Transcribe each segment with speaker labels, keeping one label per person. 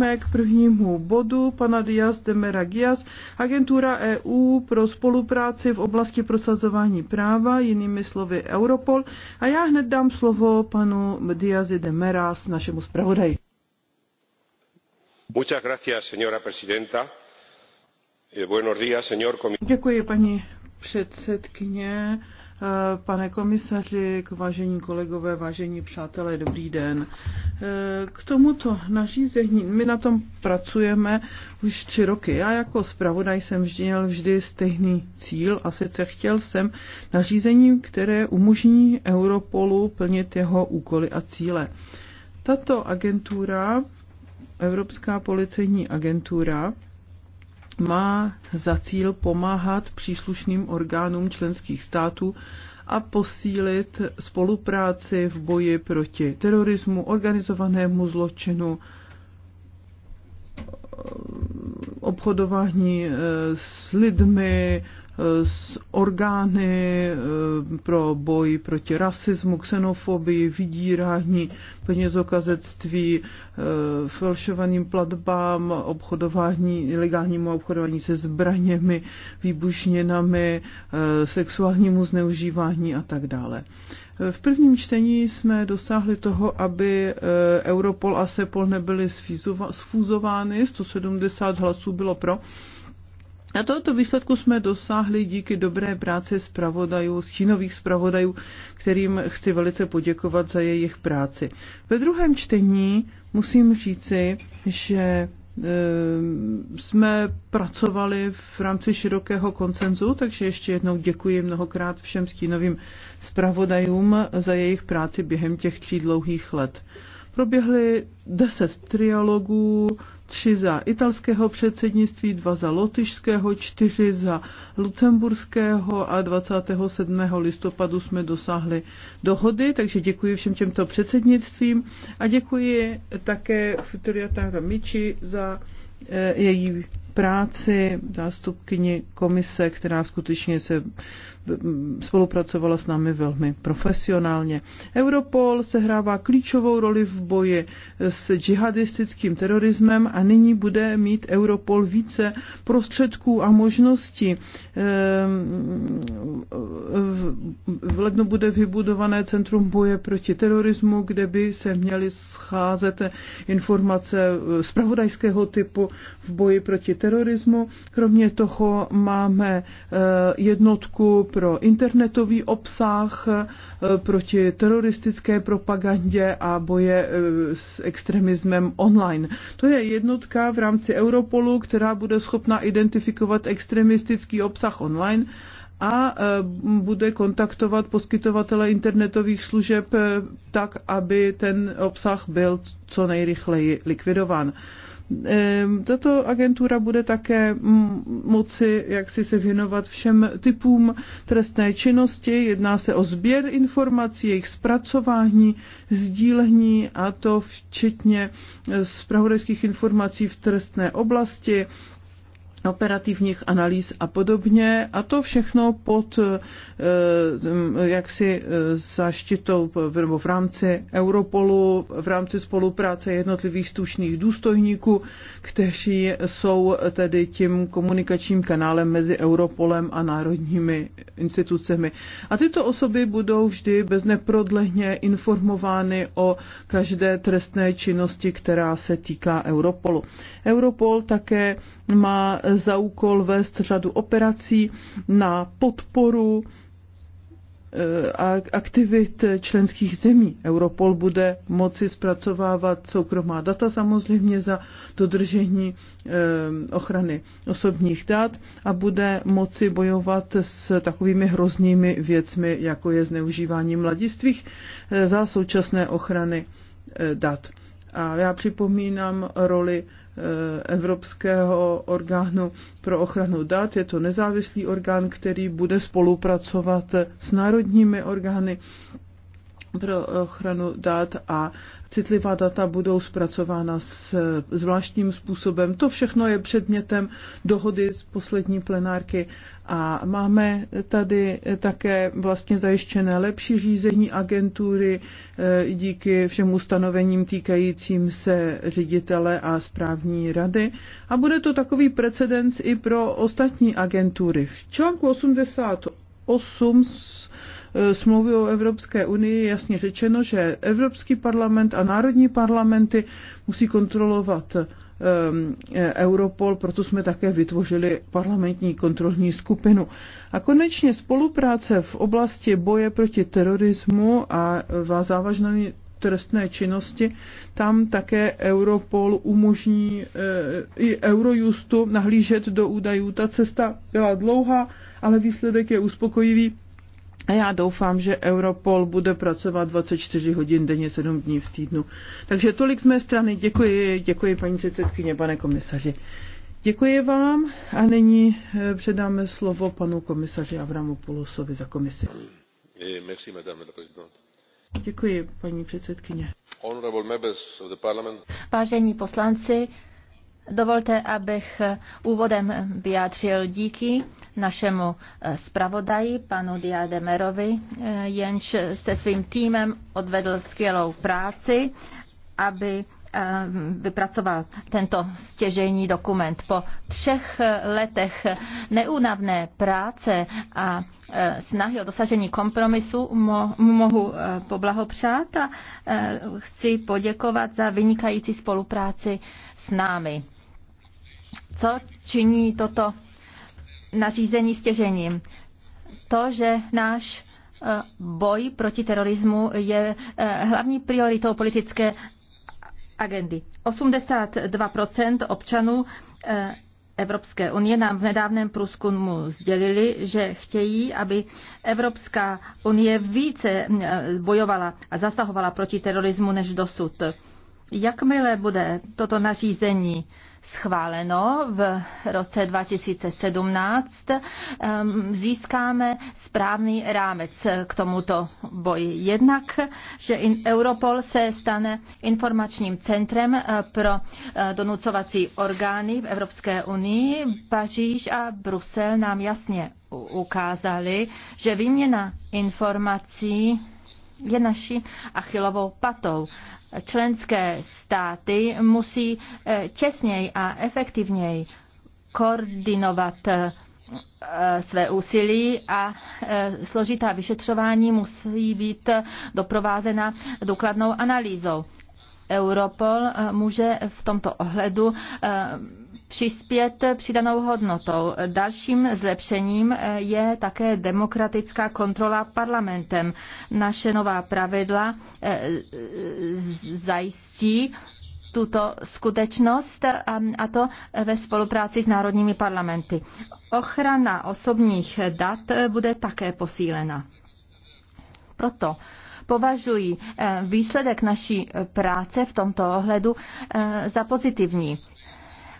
Speaker 1: Přejdeme k prvnímu bodu pana Diaz de Meragias, agentura EU pro spolupráci v oblasti prosazování práva, jinými slovy Europol. A já hned dám slovo panu Diaz de Meras, našemu zpravodaji.
Speaker 2: Muchas gracias, señora presidenta. Eh, buenos días, señor Děkuji,
Speaker 1: paní předsedkyně. Eh, pane komisaři, k vážení kolegové, vážení přátelé, dobrý den. Eh, k tomuto nařízení, my na tom pracujeme už tři roky. Já jako zpravodaj jsem vždy měl vždy stejný cíl a sice chtěl jsem nařízení, které umožní Europolu plnit jeho úkoly a cíle. Tato agentura, Evropská policejní agentura, má za cíl pomáhat příslušným orgánům členských států a posílit spolupráci v boji proti terorismu, organizovanému zločinu, obchodování eh, s lidmi, Eh, s orgány eh, pro boj proti rasismu, xenofobii, vydírání, penězokazectví, eh, falšovaným platbám, obchodování, ilegálnímu obchodování se zbraněmi, výbušninami, sexuálnímu zneužívání a tak dále. V prvním čtení jsme dosáhli toho, aby Europol a Sepol nebyly sfuzovány. 170 hlasů bylo pro, a tohoto výsledku jsme dosáhli díky dobré práci zpravodajů, stínových zpravodajů, kterým chci velice poděkovat za jejich práci. Ve druhém čtení musím říci, že ehm, jsme pracovali v rámci širokého koncenzu, takže ještě jednou děkuji mnohokrát všem stínovým zpravodajům za jejich práci během těch tří dlouhých let. Proběhly deset trialogů, tři za italského předsednictví, dva za lotyšského, čtyři za lucemburského a 27. listopadu jsme dosáhli dohody, takže děkuji všem těmto předsednictvím a děkuji také Futoriata Miči za eh, její práci, zástupkyni komise, která skutečně se spolupracovala s námi velmi profesionálně. Europol sehrává klíčovou roli v boji s džihadistickým terorismem a nyní bude mít Europol více prostředků a možností. Ehm, v lednu bude vybudované Centrum boje proti terorismu, kde by se měly scházet informace spravodajského typu v boji proti terorismu. Kromě toho máme eh, jednotku pro internetový obsah, eh, proti teroristické propagandě a boje eh, s extremismem online. To je jednotka v rámci Europolu, která bude schopna identifikovat extremistický obsah online a eh, bude kontaktovat poskytovatele internetových služeb tak, aby ten obsah byl co nejrychleji likvidován. Ehm, tato agentura bude také moci jak si se věnovat všem typům trestné činnosti. Jedná se o sběr informací, jejich zpracování, sdílení a to včetně eh, zpravodajských informací v trestné oblasti, operativních analýz a podobně. A to všechno pod eh, eh, jaksi eh, zaštitou nebo v rámci Europolu, v rámci spolupráce jednotlivých stušných důstojníků, kteří jsou tedy tím komunikačním kanálem mezi Europolem a národními institucemi. A tyto osoby budou vždy bezneprodleně informovány o každé trestné činnosti, která se týká Europolu. Europol také má za úkol vést řadu operací na podporu eh, aktivit členských zemí. Europol bude moci zpracovávat soukromá data samozřejmě za dodržení eh, ochrany osobních dat a bude moci bojovat s takovými hroznými věcmi, jako je zneužívání mladistvých eh, za současné ochrany dat. A já připomínám roli Eh, evropského orgánu pro ochranu dat. Je to nezávislý orgán, který bude spolupracovat s národními orgány pro ochranu dat a citlivá data budou zpracována s zvláštním způsobem. To všechno je předmětem dohody z poslední plenárky a máme tady také vlastně zajištěné lepší řízení agentury eh, díky všem ustanovením týkajícím se ředitele a správní rady a bude to takový precedens i pro ostatní agentury. V článku 88 E, smlouvy o Evropské unii je jasně řečeno, že Evropský parlament a národní parlamenty musí kontrolovat e, e, Europol, proto jsme také vytvořili parlamentní kontrolní skupinu. A konečně spolupráce v oblasti boje proti terorismu a závažné trestné činnosti, tam také Europol umožní i Eurojustu nahlížet do údajů. Ta cesta byla dlouhá, ale výsledek je uspokojivý a já doufám, že Europol bude pracovat 24 hodin denně, 7 dní v týdnu. Takže tolik z mé strany. Děkuji, děkuji paní předsedkyně, pane komisaři. Děkuji vám a nyní eh, předáme slovo panu komisaři Polosovi za komisi. Děkuji, paní předsedkyně. Vážení poslanci,
Speaker 3: Dovolte, abych úvodem vyjádřil díky našemu eh, zpravodaji, panu Diademerovi, eh, jenž se svým týmem odvedl skvělou práci, aby eh, vypracoval tento stěžejní dokument. Po třech letech neúnavné práce a snahy o dosažení kompromisu mu mohu poblahopřát a chci poděkovat za vynikající spolupráci s námi. Co činí toto nařízení stěžením? To, že náš eh, boj proti terorismu je eh, hlavní prioritou politické agendy. 82% občanů eh, Evropské unie nám v nedávném průzkumu sdělili, že chtějí, aby Evropská unie více bojovala a zasahovala proti terorismu než dosud. Jakmile bude toto nařízení schváleno v roce 2017, ehm, získáme správný rámec k tomuto boji. Jednak, že Europol se stane informačním centrem eh, pro eh, donucovací orgány v Evropské unii. Paříž a Brusel nám jasně ukázali, že výměna informací je naší achilovou patou členské státy musí eh, česněji a efektivněji koordinovat eh, své úsilí a eh, složitá vyšetřování musí být doprovázena důkladnou analýzou. Europol může v tomto ohledu přispět přidanou hodnotou. Dalším zlepšením eh, je také demokratická kontrola parlamentem. Naše nová pravidla eh, zajistí tuto skutečnost a to eh, ve spolupráci s národními parlamenty. Ochrana osobních dat bude také posílena. Proto považuji výsledek naší práce v tomto ohledu za pozitivní.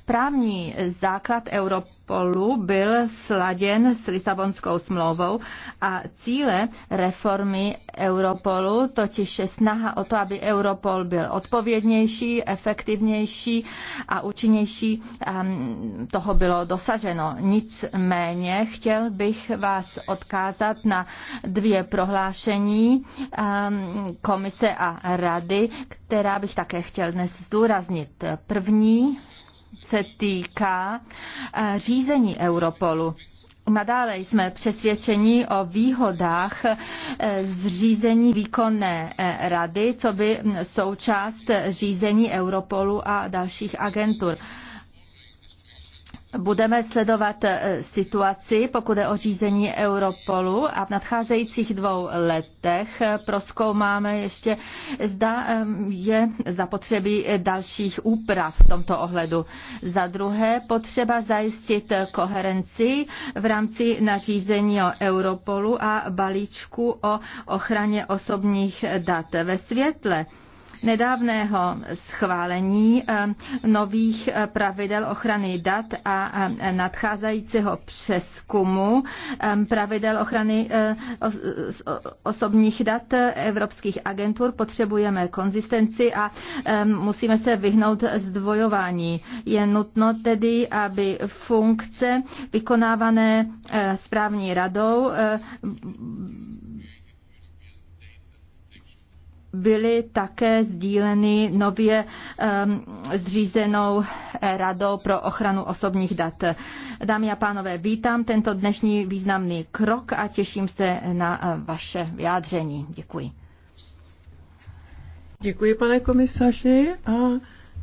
Speaker 3: Právní základ Europolu byl sladěn s Lisabonskou smlouvou a cíle reformy Europolu, totiž je snaha o to, aby Europol byl odpovědnější, efektivnější a účinnější, ehm, toho bylo dosaženo. Nicméně chtěl bych vás odkázat na dvě prohlášení ehm, komise a rady, která bych také chtěl dnes zdůraznit. První se týká eh, řízení Europolu. Nadále jsme přesvědčeni o výhodách eh, zřízení výkonné eh, rady, co by součást řízení Europolu a dalších agentur. Budeme sledovat eh, situaci, pokud je o řízení Europolu a v nadcházejících dvou letech eh, proskoumáme ještě, zda ehm, je zapotřebí eh, dalších úprav v tomto ohledu. Za druhé, potřeba zajistit koherenci v rámci nařízení o Europolu a balíčku o ochraně osobních dat ve světle nedávného schválení eh, nových eh, pravidel ochrany dat a eh, nadcházejícího přeskumu pravidel ochrany osobních dat evropských agentur potřebujeme konzistenci a musíme se vyhnout zdvojování. Je nutno tedy, aby funkce vykonávané správní radou byly také sdíleny nově um, zřízenou radou pro ochranu osobních dat. Dámy a pánové, vítám tento dnešní významný krok a těším se na eh, vaše vyjádření. Děkuji.
Speaker 1: Děkuji, pane komisaři, a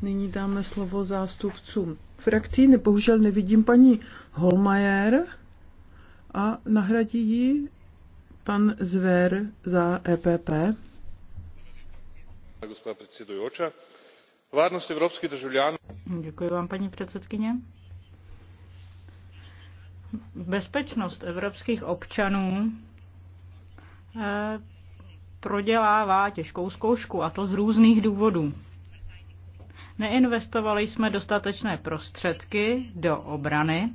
Speaker 1: nyní dáme slovo zástupcům frakcí. Bohužel nevidím paní Holmajer a nahradí ji pan Zver za EPP
Speaker 2: gospa predsedujoča varnost evropskih državljanů.
Speaker 4: bezpečnost evropských občanů eh, prodělává těžkou zkoušku a to z různých důvodů. Neinvestovali jsme dostatečné prostředky do obrany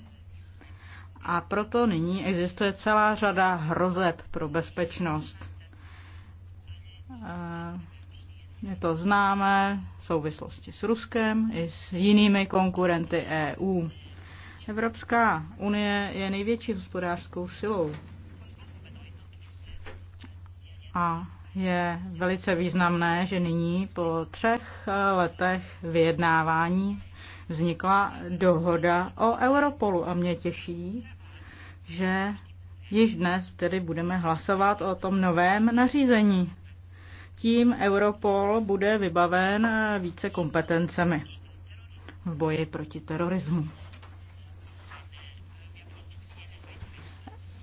Speaker 4: a proto nyní existuje celá řada hrozeb pro bezpečnost eh, je to známé v souvislosti s Ruskem i s jinými konkurenty EU. Evropská unie je největší hospodářskou silou a je velice významné, že nyní po třech letech vyjednávání vznikla dohoda o Europolu a mě těší, že již dnes tedy budeme hlasovat o tom novém nařízení. Tím Europol bude vybaven eh, více kompetencemi v boji proti terorismu.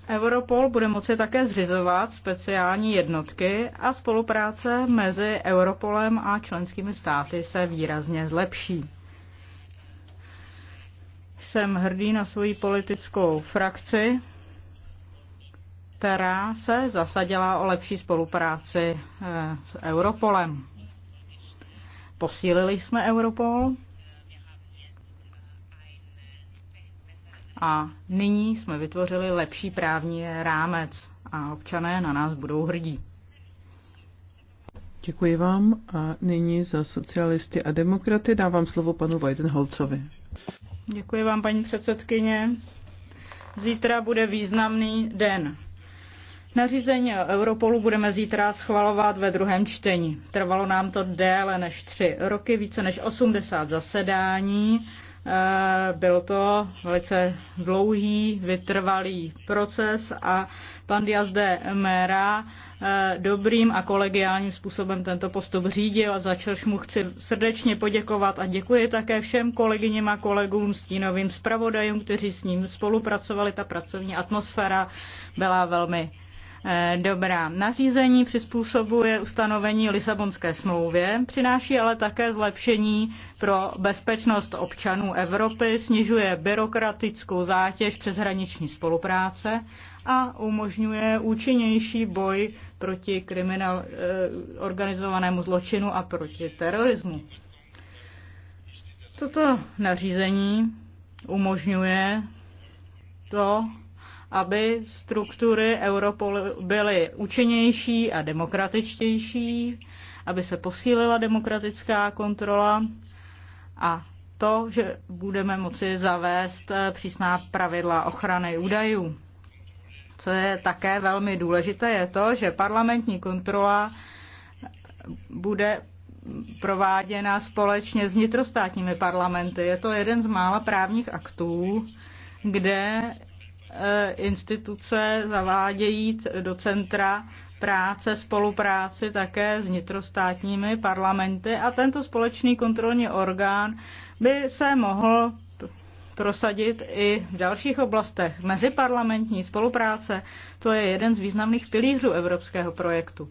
Speaker 4: Europol bude moci také zřizovat speciální jednotky a spolupráce mezi Europolem a členskými státy se výrazně zlepší. Jsem hrdý na svoji politickou frakci, která se zasadila o lepší spolupráci eh, s Europolem. Posílili jsme Europol a nyní jsme vytvořili lepší právní rámec a občané na nás budou hrdí.
Speaker 1: Děkuji vám a nyní za socialisty a demokraty dávám slovo panu Weidenholcovi.
Speaker 4: Děkuji vám, paní předsedkyně. Zítra bude významný den. Nařízení o Europolu budeme zítra schvalovat ve druhém čtení. Trvalo nám to déle než tři roky, více než 80 zasedání. Eh, byl to velice dlouhý, vytrvalý proces a pan Diaz de Mera Eh, dobrým a kolegiálním způsobem tento postup řídil a za čehož mu chci srdečně poděkovat a děkuji také všem kolegyním a kolegům, stínovým zpravodajům, kteří s ním spolupracovali. Ta pracovní atmosféra byla velmi Eh, dobrá. Nařízení přizpůsobuje ustanovení Lisabonské smlouvě, přináší ale také zlepšení pro bezpečnost občanů Evropy, snižuje byrokratickou zátěž přeshraniční spolupráce a umožňuje účinnější boj proti kriminal, eh, organizovanému zločinu a proti terorismu. Toto nařízení umožňuje to, aby struktury Europolu byly účinnější a demokratičtější, aby se posílila demokratická kontrola a to, že budeme moci zavést eh, přísná pravidla ochrany údajů. Co je také velmi důležité, je to, že parlamentní kontrola bude prováděna společně s vnitrostátními parlamenty. Je to jeden z mála právních aktů, kde Eh, instituce zavádějí do centra práce spolupráci také s nitrostátními parlamenty a tento společný kontrolní orgán by se mohl prosadit i v dalších oblastech. Meziparlamentní spolupráce to je jeden z významných pilířů evropského projektu.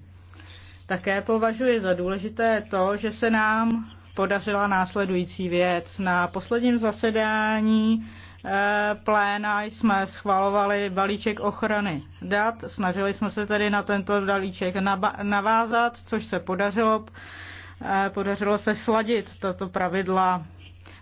Speaker 4: Také považuji za důležité to, že se nám podařila následující věc. Na posledním zasedání Eh, pléna jsme schvalovali balíček ochrany dat. Snažili jsme se tedy na tento balíček navázat, což se podařilo. Eh, podařilo se sladit tato pravidla.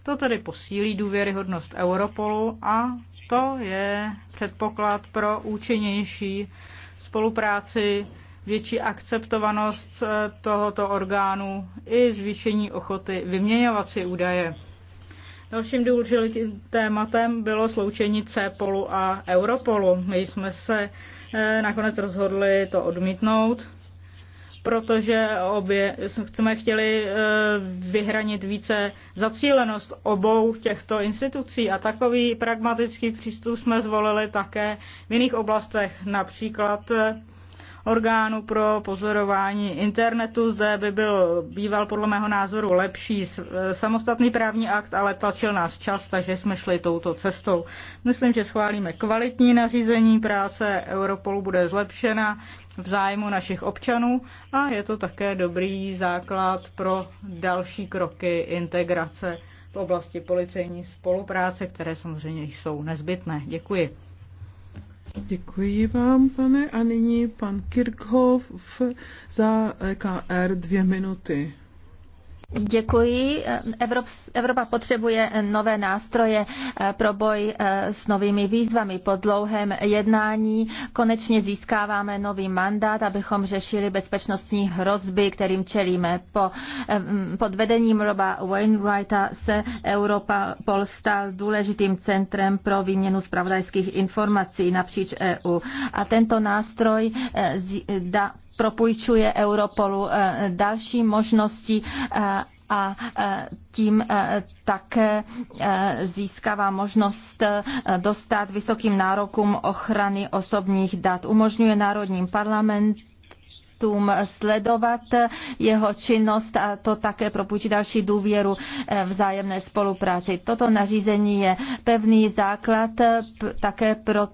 Speaker 4: To tedy posílí důvěryhodnost Europolu a to je předpoklad pro účinnější spolupráci, větší akceptovanost eh, tohoto orgánu i zvýšení ochoty vyměňovat si údaje. Dalším důležitým tématem bylo sloučení CEPOLu a Europolu. My jsme se eh, nakonec rozhodli to odmítnout, protože obě jsme chtěli eh, vyhranit více zacílenost obou těchto institucí a takový pragmatický přístup jsme zvolili také v jiných oblastech, například eh, orgánu pro pozorování internetu. Zde by byl býval podle mého názoru lepší e, samostatný právní akt, ale tlačil nás čas, takže jsme šli touto cestou. Myslím, že schválíme kvalitní nařízení práce, Europolu bude zlepšena v zájmu našich občanů a je to také dobrý základ pro další kroky integrace v oblasti policejní spolupráce, které samozřejmě jsou nezbytné. Děkuji.
Speaker 1: Děkuji vám, pane. A nyní pan Kirchhoff za EKR dvě minuty.
Speaker 3: Děkuji. Evropa potřebuje nové nástroje eh, pro boj eh, s novými výzvami. Po dlouhém jednání konečně získáváme nový mandát, abychom řešili bezpečnostní hrozby, kterým čelíme. Po, eh, pod vedením Roba Wainwrighta se Europol stal důležitým centrem pro výměnu zpravodajských informací napříč EU. A tento nástroj propůjčuje Europolu eh, další možnosti eh, a eh, tím také získává možnost dostat vysokým nárokům ochrany osobních dat. Umožňuje národním parlamentům sledovat jeho činnost a to také propůjčí další důvěru vzájemné spolupráci. Toto nařízení je pevný základ také pro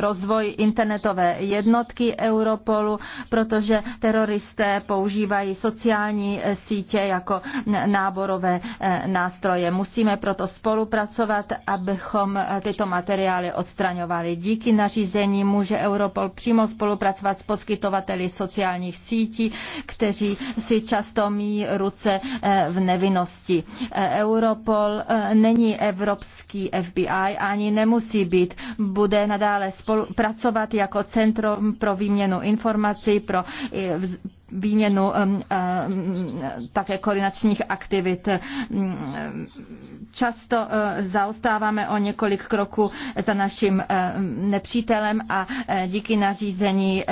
Speaker 3: rozvoj internetové jednotky Europolu, protože teroristé používají sociální sítě jako náborové eh, nástroje. Musíme proto spolupracovat, abychom eh, tyto materiály odstraňovali. Díky nařízení může Europol přímo spolupracovat s poskytovateli sociálních sítí, kteří si často míjí ruce eh, v nevinnosti. Europol není evropský FBI ani nemusí být. Bude na nadále spolupracovat jako centrum pro výměnu informací, pro výměnu um, um, také koordinačních aktivit. Často uh, zaostáváme o několik kroků za naším uh, nepřítelem a uh, díky nařízení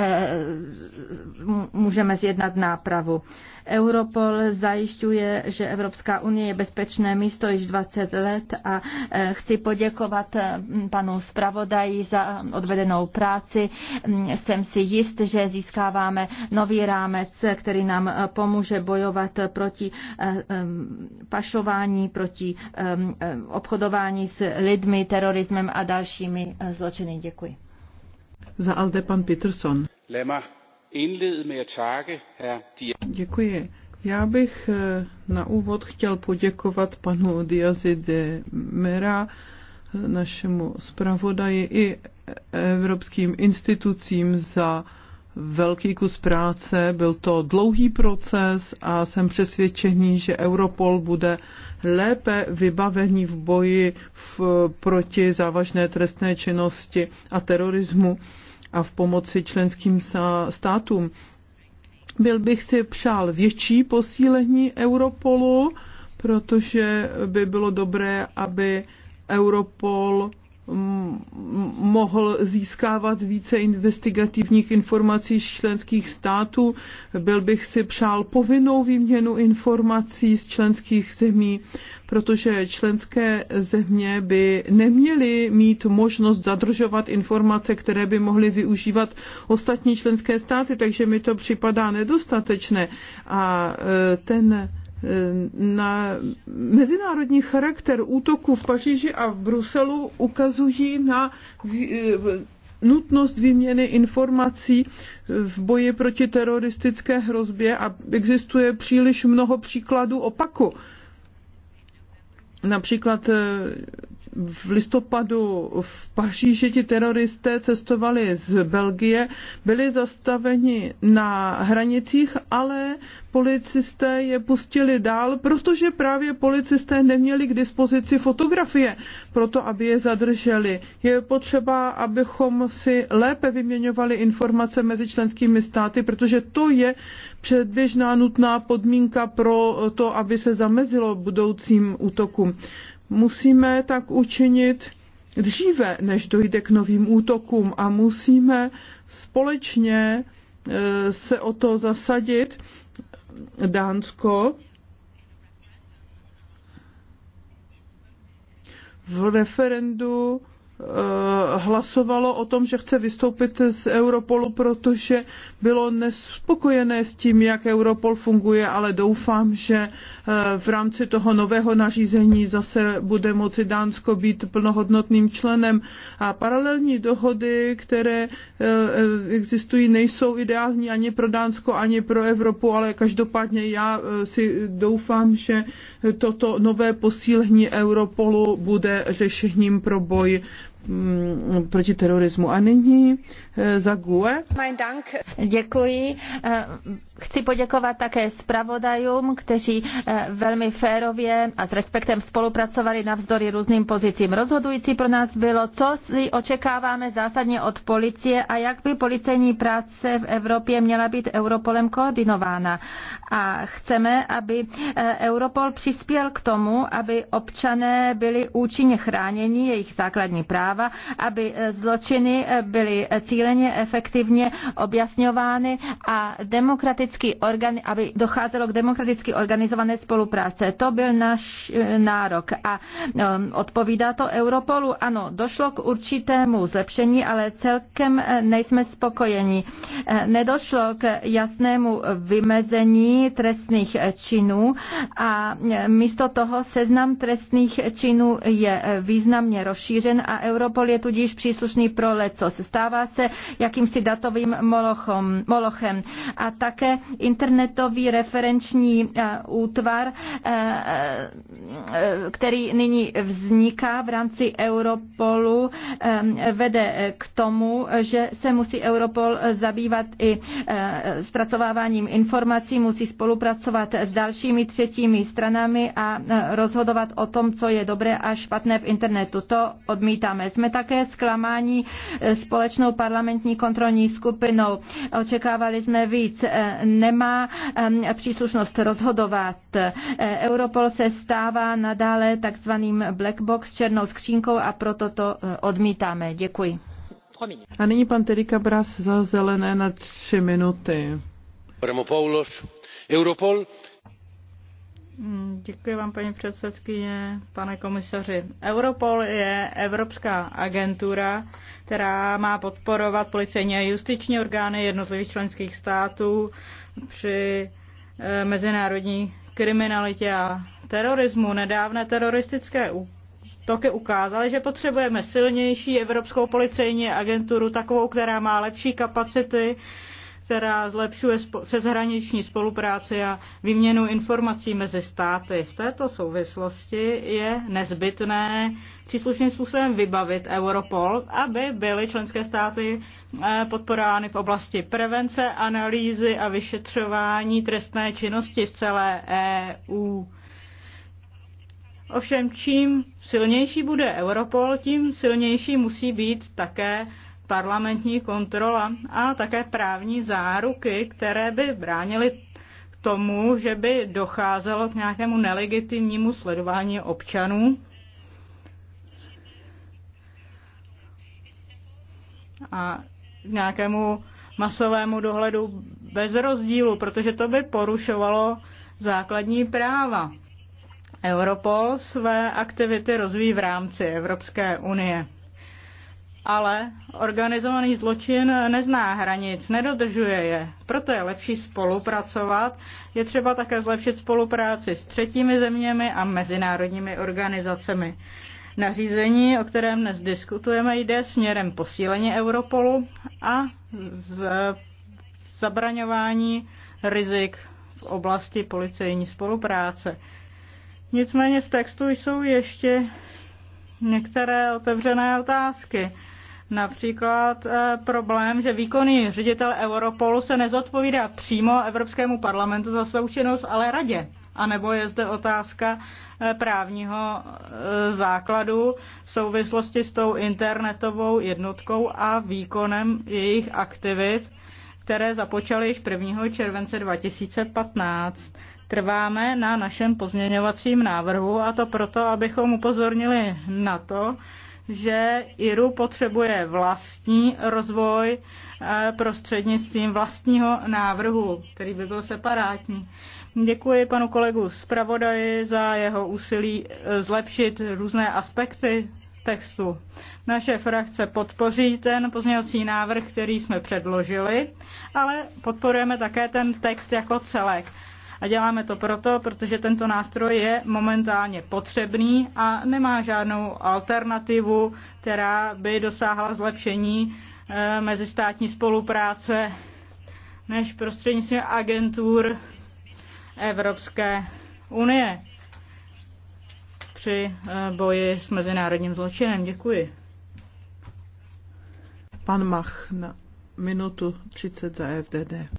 Speaker 3: můžeme zjednat nápravu. Europol zajišťuje, že Evropská unie je bezpečné místo již 20 let a eh, chci poděkovat mm, panu zpravodaji za odvedenou práci. Mm, jsem si jist, že získáváme nový rámec, který nám eh, pomůže bojovat proti eh, pašování, proti obchodování s lidmi, terorismem a dalšími zločiny. Děkuji.
Speaker 2: Za
Speaker 1: Alde pan Peterson. Lema. Děkuji. Já bych eh, na úvod chtěl poděkovat panu Diazi de Mera, našemu zpravodaji i evropským institucím za velký kus práce. Byl to dlouhý proces a jsem přesvědčený, že Europol bude lépe vybavený v boji v, proti závažné trestné činnosti a terorismu a v pomoci členským státům. Byl bych si přál větší posílení Europolu, protože by bylo dobré, aby Europol mm, mm, mohl získávat více investigativních informací z členských států. Byl bych si přál povinnou výměnu informací z členských zemí protože členské země by neměly mít možnost zadržovat informace, které by mohly využívat ostatní členské státy, takže mi to připadá nedostatečné. A e, ten e, na mezinárodní charakter útoku v Paříži a v Bruselu ukazují na e, nutnost výměny informací v boji proti teroristické hrozbě a existuje příliš mnoho příkladů opaku například eh, v listopadu v Paříži ti teroristé cestovali z Belgie, byli zastaveni na hranicích, ale policisté je pustili dál, protože právě policisté neměli k dispozici fotografie proto, aby je zadrželi. Je potřeba, abychom si lépe vyměňovali informace mezi členskými státy, protože to je předběžná nutná podmínka pro to, aby se zamezilo budoucím útokům. Musíme tak učinit dříve, než dojde k novým útokům a musíme společně e, se o to zasadit. Dánsko v referendu Eh, hlasovalo o tom, že chce vystoupit z Europolu, protože bylo nespokojené s tím, jak Europol funguje, ale doufám, že eh, v rámci toho nového nařízení zase bude moci Dánsko být plnohodnotným členem. A paralelní dohody, které eh, existují, nejsou ideální ani pro Dánsko, ani pro Evropu, ale každopádně já si doufám, že toto nové posílení Europolu bude řešením pro boj Mm, proti terorismu. A nyní eh, za GUE.
Speaker 3: Děkuji. Eh, Chci poděkovat také zpravodajům, kteří eh, velmi férově a s respektem spolupracovali navzdory různým pozicím. Rozhodující pro nás bylo, co si očekáváme zásadně od policie a jak by policejní práce v Evropě měla být Europolem koordinována. A chceme, aby eh, Europol přispěl k tomu, aby občané byli účinně chráněni, jejich základní práva, aby eh, zločiny byly cíleně efektivně objasňovány a demokratické demokraticky organ, aby docházelo k demokraticky organizované spolupráce. To byl náš e, nárok a um, odpovídá to Europolu. Ano, došlo k určitému zlepšení, ale celkem e, nejsme spokojeni. E, nedošlo k jasnému vymezení trestných činů a místo toho seznam trestných činů je významně rozšířen a Europol je tudíž příslušný pro leco. Stává se jakýmsi datovým molochom, molochem a také internetový referenční eh, útvar, eh, eh, který nyní vzniká v rámci Europolu, vede k tomu, že se musí Europol zabývat i zpracováváním informací, musí spolupracovat s dalšími třetími stranami a rozhodovat o tom, co je dobré a špatné v internetu. To odmítáme. Jsme také zklamáni společnou parlamentní kontrolní skupinou. Očekávali jsme víc nemá příslušnost rozhodovat. E, Europol se stává nadále takzvaným black box černou skřínkou a proto to e, odmítáme. Děkuji.
Speaker 1: A nyní pan Terika Bras za zelené na tři minuty.
Speaker 5: Europol
Speaker 4: Mm, děkuji vám, paní předsedkyně, pane komisaři. Europol je evropská agentura, která má podporovat policejní a justiční orgány jednotlivých členských států při eh, mezinárodní kriminalitě a terorismu. Nedávné teroristické útoky ukázaly, že potřebujeme silnější evropskou policejní agenturu, takovou, která má lepší kapacity, která zlepšuje přeshraniční spolupráci a výměnu informací mezi státy. V této souvislosti je nezbytné příslušným způsobem vybavit Europol, aby byly členské státy eh, podporány v oblasti prevence, analýzy a vyšetřování trestné činnosti v celé EU. Ovšem, čím silnější bude Europol, tím silnější musí být také parlamentní kontrola a také právní záruky, které by bránily tomu, že by docházelo k nějakému nelegitimnímu sledování občanů. A nějakému masovému dohledu bez rozdílu, protože to by porušovalo základní práva. Europol své aktivity rozvíjí v rámci Evropské unie ale organizovaný zločin nezná hranic, nedodržuje je. Proto je lepší spolupracovat. Je třeba také zlepšit spolupráci s třetími zeměmi a mezinárodními organizacemi. Nařízení, o kterém dnes diskutujeme, jde směrem posílení Europolu a z, zabraňování rizik v oblasti policejní spolupráce. Nicméně v textu jsou ještě některé otevřené otázky. Například eh, problém, že výkonný ředitel Europolu se nezodpovídá přímo Evropskému parlamentu za svou činnost, ale radě. A nebo je zde otázka eh, právního eh, základu v souvislosti s tou internetovou jednotkou a výkonem jejich aktivit, které započaly již 1. července 2015. Trváme na našem pozměňovacím návrhu a to proto, abychom upozornili na to, že Iru potřebuje vlastní rozvoj eh, prostřednictvím vlastního návrhu, který by byl separátní. Děkuji panu kolegu zpravodaji za jeho úsilí eh, zlepšit různé aspekty textu. Naše frakce podpoří ten pozměňovací návrh, který jsme předložili, ale podporujeme také ten text jako celek. A děláme to proto, protože tento nástroj je momentálně potřebný a nemá žádnou alternativu, která by dosáhla zlepšení eh, mezistátní spolupráce než prostřednictvím agentur Evropské unie při eh, boji s mezinárodním zločinem. Děkuji. Pan Mach na minutu 30 za FDD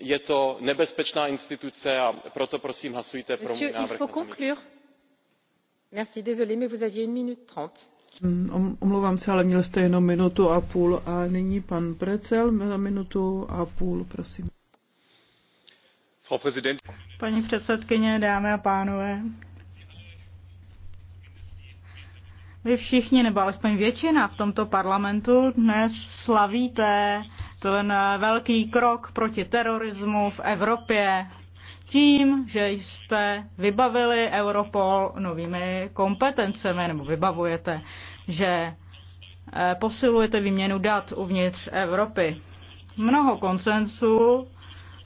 Speaker 5: je to nebezpečná instituce a proto prosím hlasujte pro můj návrh na zamítnutí.
Speaker 4: Paní předsedkyně, dámy a pánové, vy všichni, nebo alespoň většina v tomto parlamentu dnes slavíte ten velký krok proti terorismu v Evropě tím, že jste vybavili Europol novými kompetencemi, nebo vybavujete, že eh, posilujete výměnu dat uvnitř Evropy. Mnoho konsensů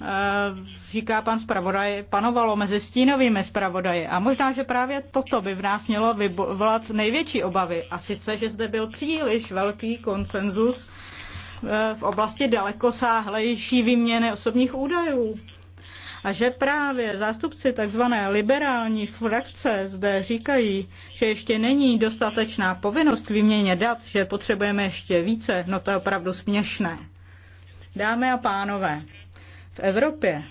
Speaker 4: eh, říká pan zpravodaj, panovalo mezi stínovými zpravodaji. A možná, že právě toto by v nás mělo vyvolat největší obavy. A sice, že zde byl příliš velký konsenzus v oblasti dalekosáhlejší výměny osobních údajů. A že právě zástupci tzv. liberální frakce zde říkají, že ještě není dostatečná povinnost k výměně dat, že potřebujeme ještě více, no to je opravdu směšné. Dámy a pánové, v Evropě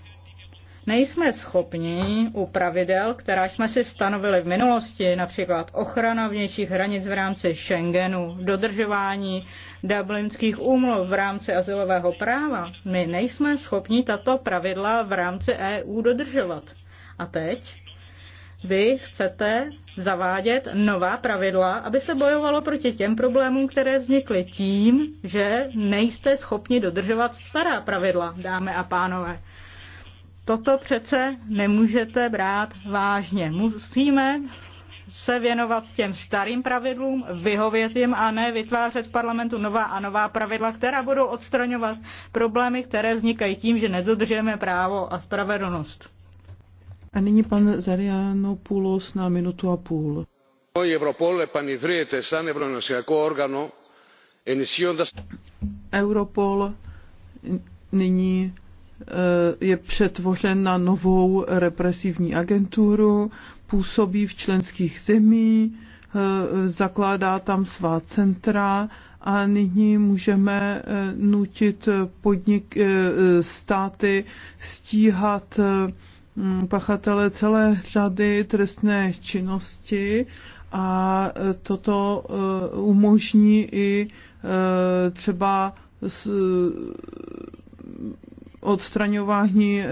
Speaker 4: nejsme schopni u pravidel, která jsme si stanovili v minulosti, například ochrana vnějších hranic v rámci Schengenu, dodržování dublinských úmluv v rámci asilového práva, my nejsme schopni tato pravidla v rámci EU dodržovat. A teď vy chcete zavádět nová pravidla, aby se bojovalo proti těm problémům, které vznikly tím, že nejste schopni dodržovat stará pravidla, dámy a pánové. Toto přece nemůžete brát vážně. Musíme se věnovat těm starým pravidlům, vyhovět jim a ne vytvářet v parlamentu nová a nová pravidla, která budou odstraňovat problémy, které vznikají tím, že nedodržujeme právo a spravedlnost.
Speaker 1: A nyní pan Zarianopoulos na minutu a půl. Europol nyní eh, je přetvořen na novou represivní agenturu, působí v členských zemí, eh, zakládá tam svá centra a nyní můžeme eh, nutit podnik, eh, státy stíhat mm, pachatele celé řady trestné činnosti a toto umožní i třeba odstraňování eh,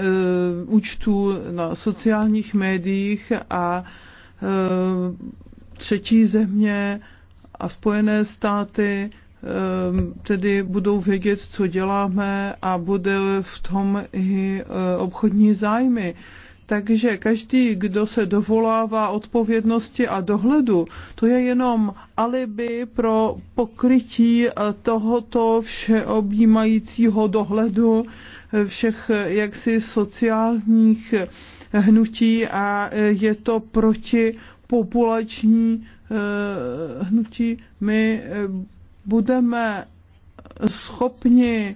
Speaker 1: účtů na sociálních médiích a eh, třetí země a Spojené státy eh, tedy budou vědět, co děláme a bude v tom i obchodní zájmy. Takže každý, kdo se dovolává odpovědnosti a dohledu, to je jenom alibi pro pokrytí eh, tohoto všeobjímajícího dohledu eh, všech eh, jaksi sociálních hnutí a je to proti populační hnutí. My budeme schopni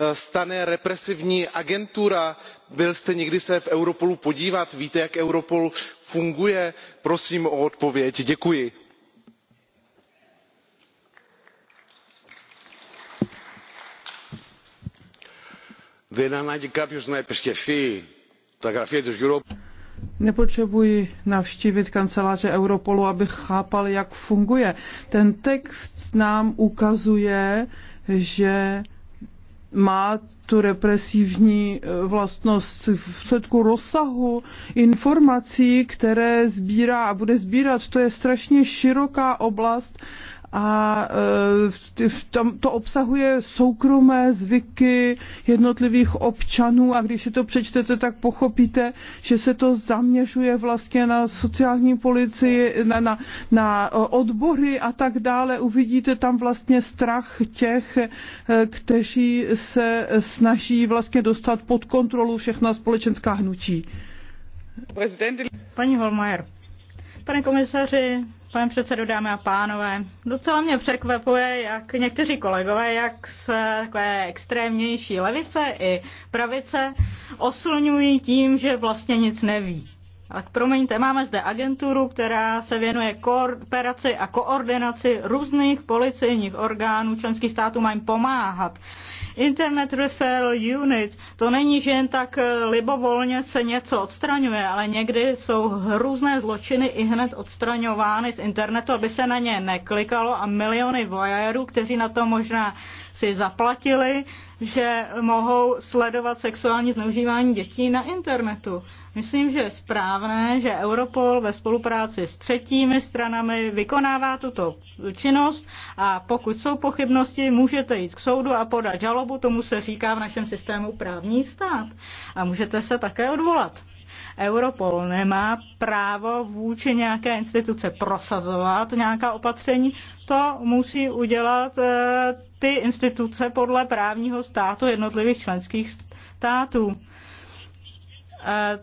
Speaker 2: Eh, stane represivní agentura? byl jste se někdy v europolu podívat víte jak europol funguje? prosím o odpověď. děkuji.
Speaker 1: Nepotřebuji navštívit kanceláře Europolu, abych chápal, jak funguje. Ten text nám ukazuje, že má tu represivní eh, vlastnost v sledku rozsahu informací, které sbírá a bude sbírat. To je strašně široká oblast a e, v tom, to obsahuje soukromé zvyky jednotlivých občanů a když si to přečtete, tak pochopíte, že se to zaměřuje vlastně na sociální policii, na, na, na odbory a tak dále. Uvidíte tam vlastně strach těch, e, kteří se snaží vlastně dostat pod kontrolu všechna společenská hnutí.
Speaker 4: Paní Holmajer, pane komisaři, Pane předsedo, dámy a pánové, docela mě překvapuje, jak někteří kolegové, jak se takové extrémnější levice i pravice oslňují tím, že vlastně nic neví. Tak promiňte, máme zde agenturu, která se věnuje kooperaci a koordinaci různých policejních orgánů členských států, mají pomáhat. Internet Referral Unit, to není, že jen tak eh, libovolně se něco odstraňuje, ale někdy jsou hrůzné zločiny i hned odstraňovány z internetu, aby se na ně neklikalo a miliony voyérů, kteří na to možná si zaplatili, že mohou sledovat sexuální zneužívání dětí na internetu. Myslím, že je správné, že Europol ve spolupráci s třetími stranami vykonává tuto činnost a pokud jsou pochybnosti, můžete jít k soudu a podat žalobu, tomu se říká v našem systému právní stát. A můžete se také odvolat. Europol nemá právo vůči nějaké instituce prosazovat nějaká opatření, to musí udělat eh, ty instituce podle právního státu jednotlivých členských států eh,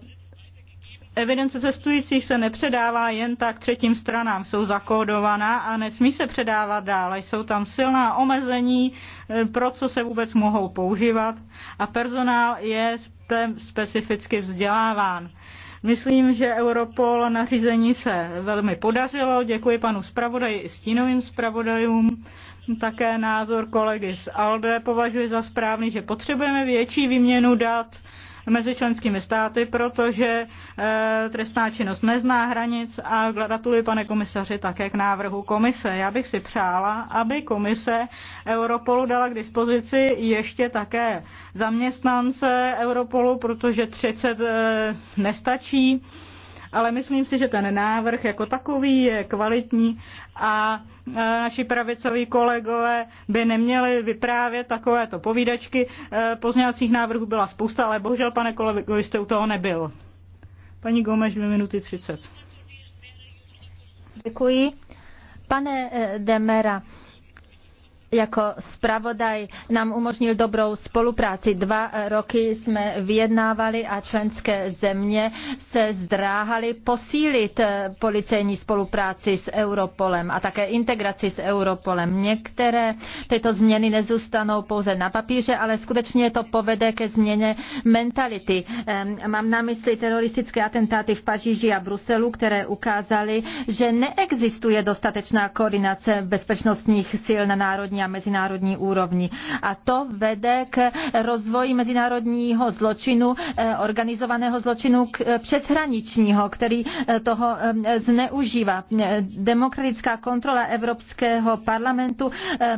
Speaker 4: Evidence cestujících se nepředává jen tak třetím stranám, jsou zakódovaná a nesmí se předávat dále. Jsou tam silná omezení, e, pro co se vůbec mohou používat a personál je specificky vzděláván. Myslím, že Europol nařízení se velmi podařilo. Děkuji panu zpravodaji i stínovým zpravodajům. Také názor kolegy z ALDE považuji za správný, že potřebujeme větší výměnu dat mezi členskými státy, protože eh, trestná činnost nezná hranic a gratuluji pane komisaři také k návrhu komise. Já bych si přála, aby komise Europolu dala k dispozici ještě také zaměstnance Europolu, protože 30 eh, nestačí ale myslím si, že ten návrh jako takový je kvalitní a naši pravicoví kolegové by neměli vyprávět takovéto povídačky. E, pozněvacích návrhů byla spousta, ale bohužel, pane kolego, jste u toho nebyl. Paní Gomeš, 2 minuty 30.
Speaker 3: Děkuji. Pane e, Demera, jako zpravodaj nám umožnil dobrou spolupráci. Dva roky jsme vyjednávali a členské země se zdráhaly posílit eh, policejní spolupráci s Europolem a také integraci s Europolem. Některé tyto změny nezůstanou pouze na papíře, ale skutečně to povede ke změně mentality. Mám na mysli teroristické atentáty v Paříži a Bruselu, které ukázaly, že neexistuje dostatečná koordinace bezpečnostních sil na národní a mezinárodní úrovni. A to vede k rozvoji mezinárodního zločinu, eh, organizovaného zločinu k eh, přeshraničního, který eh, toho zneužívá. Demokratická kontrola Evropského parlamentu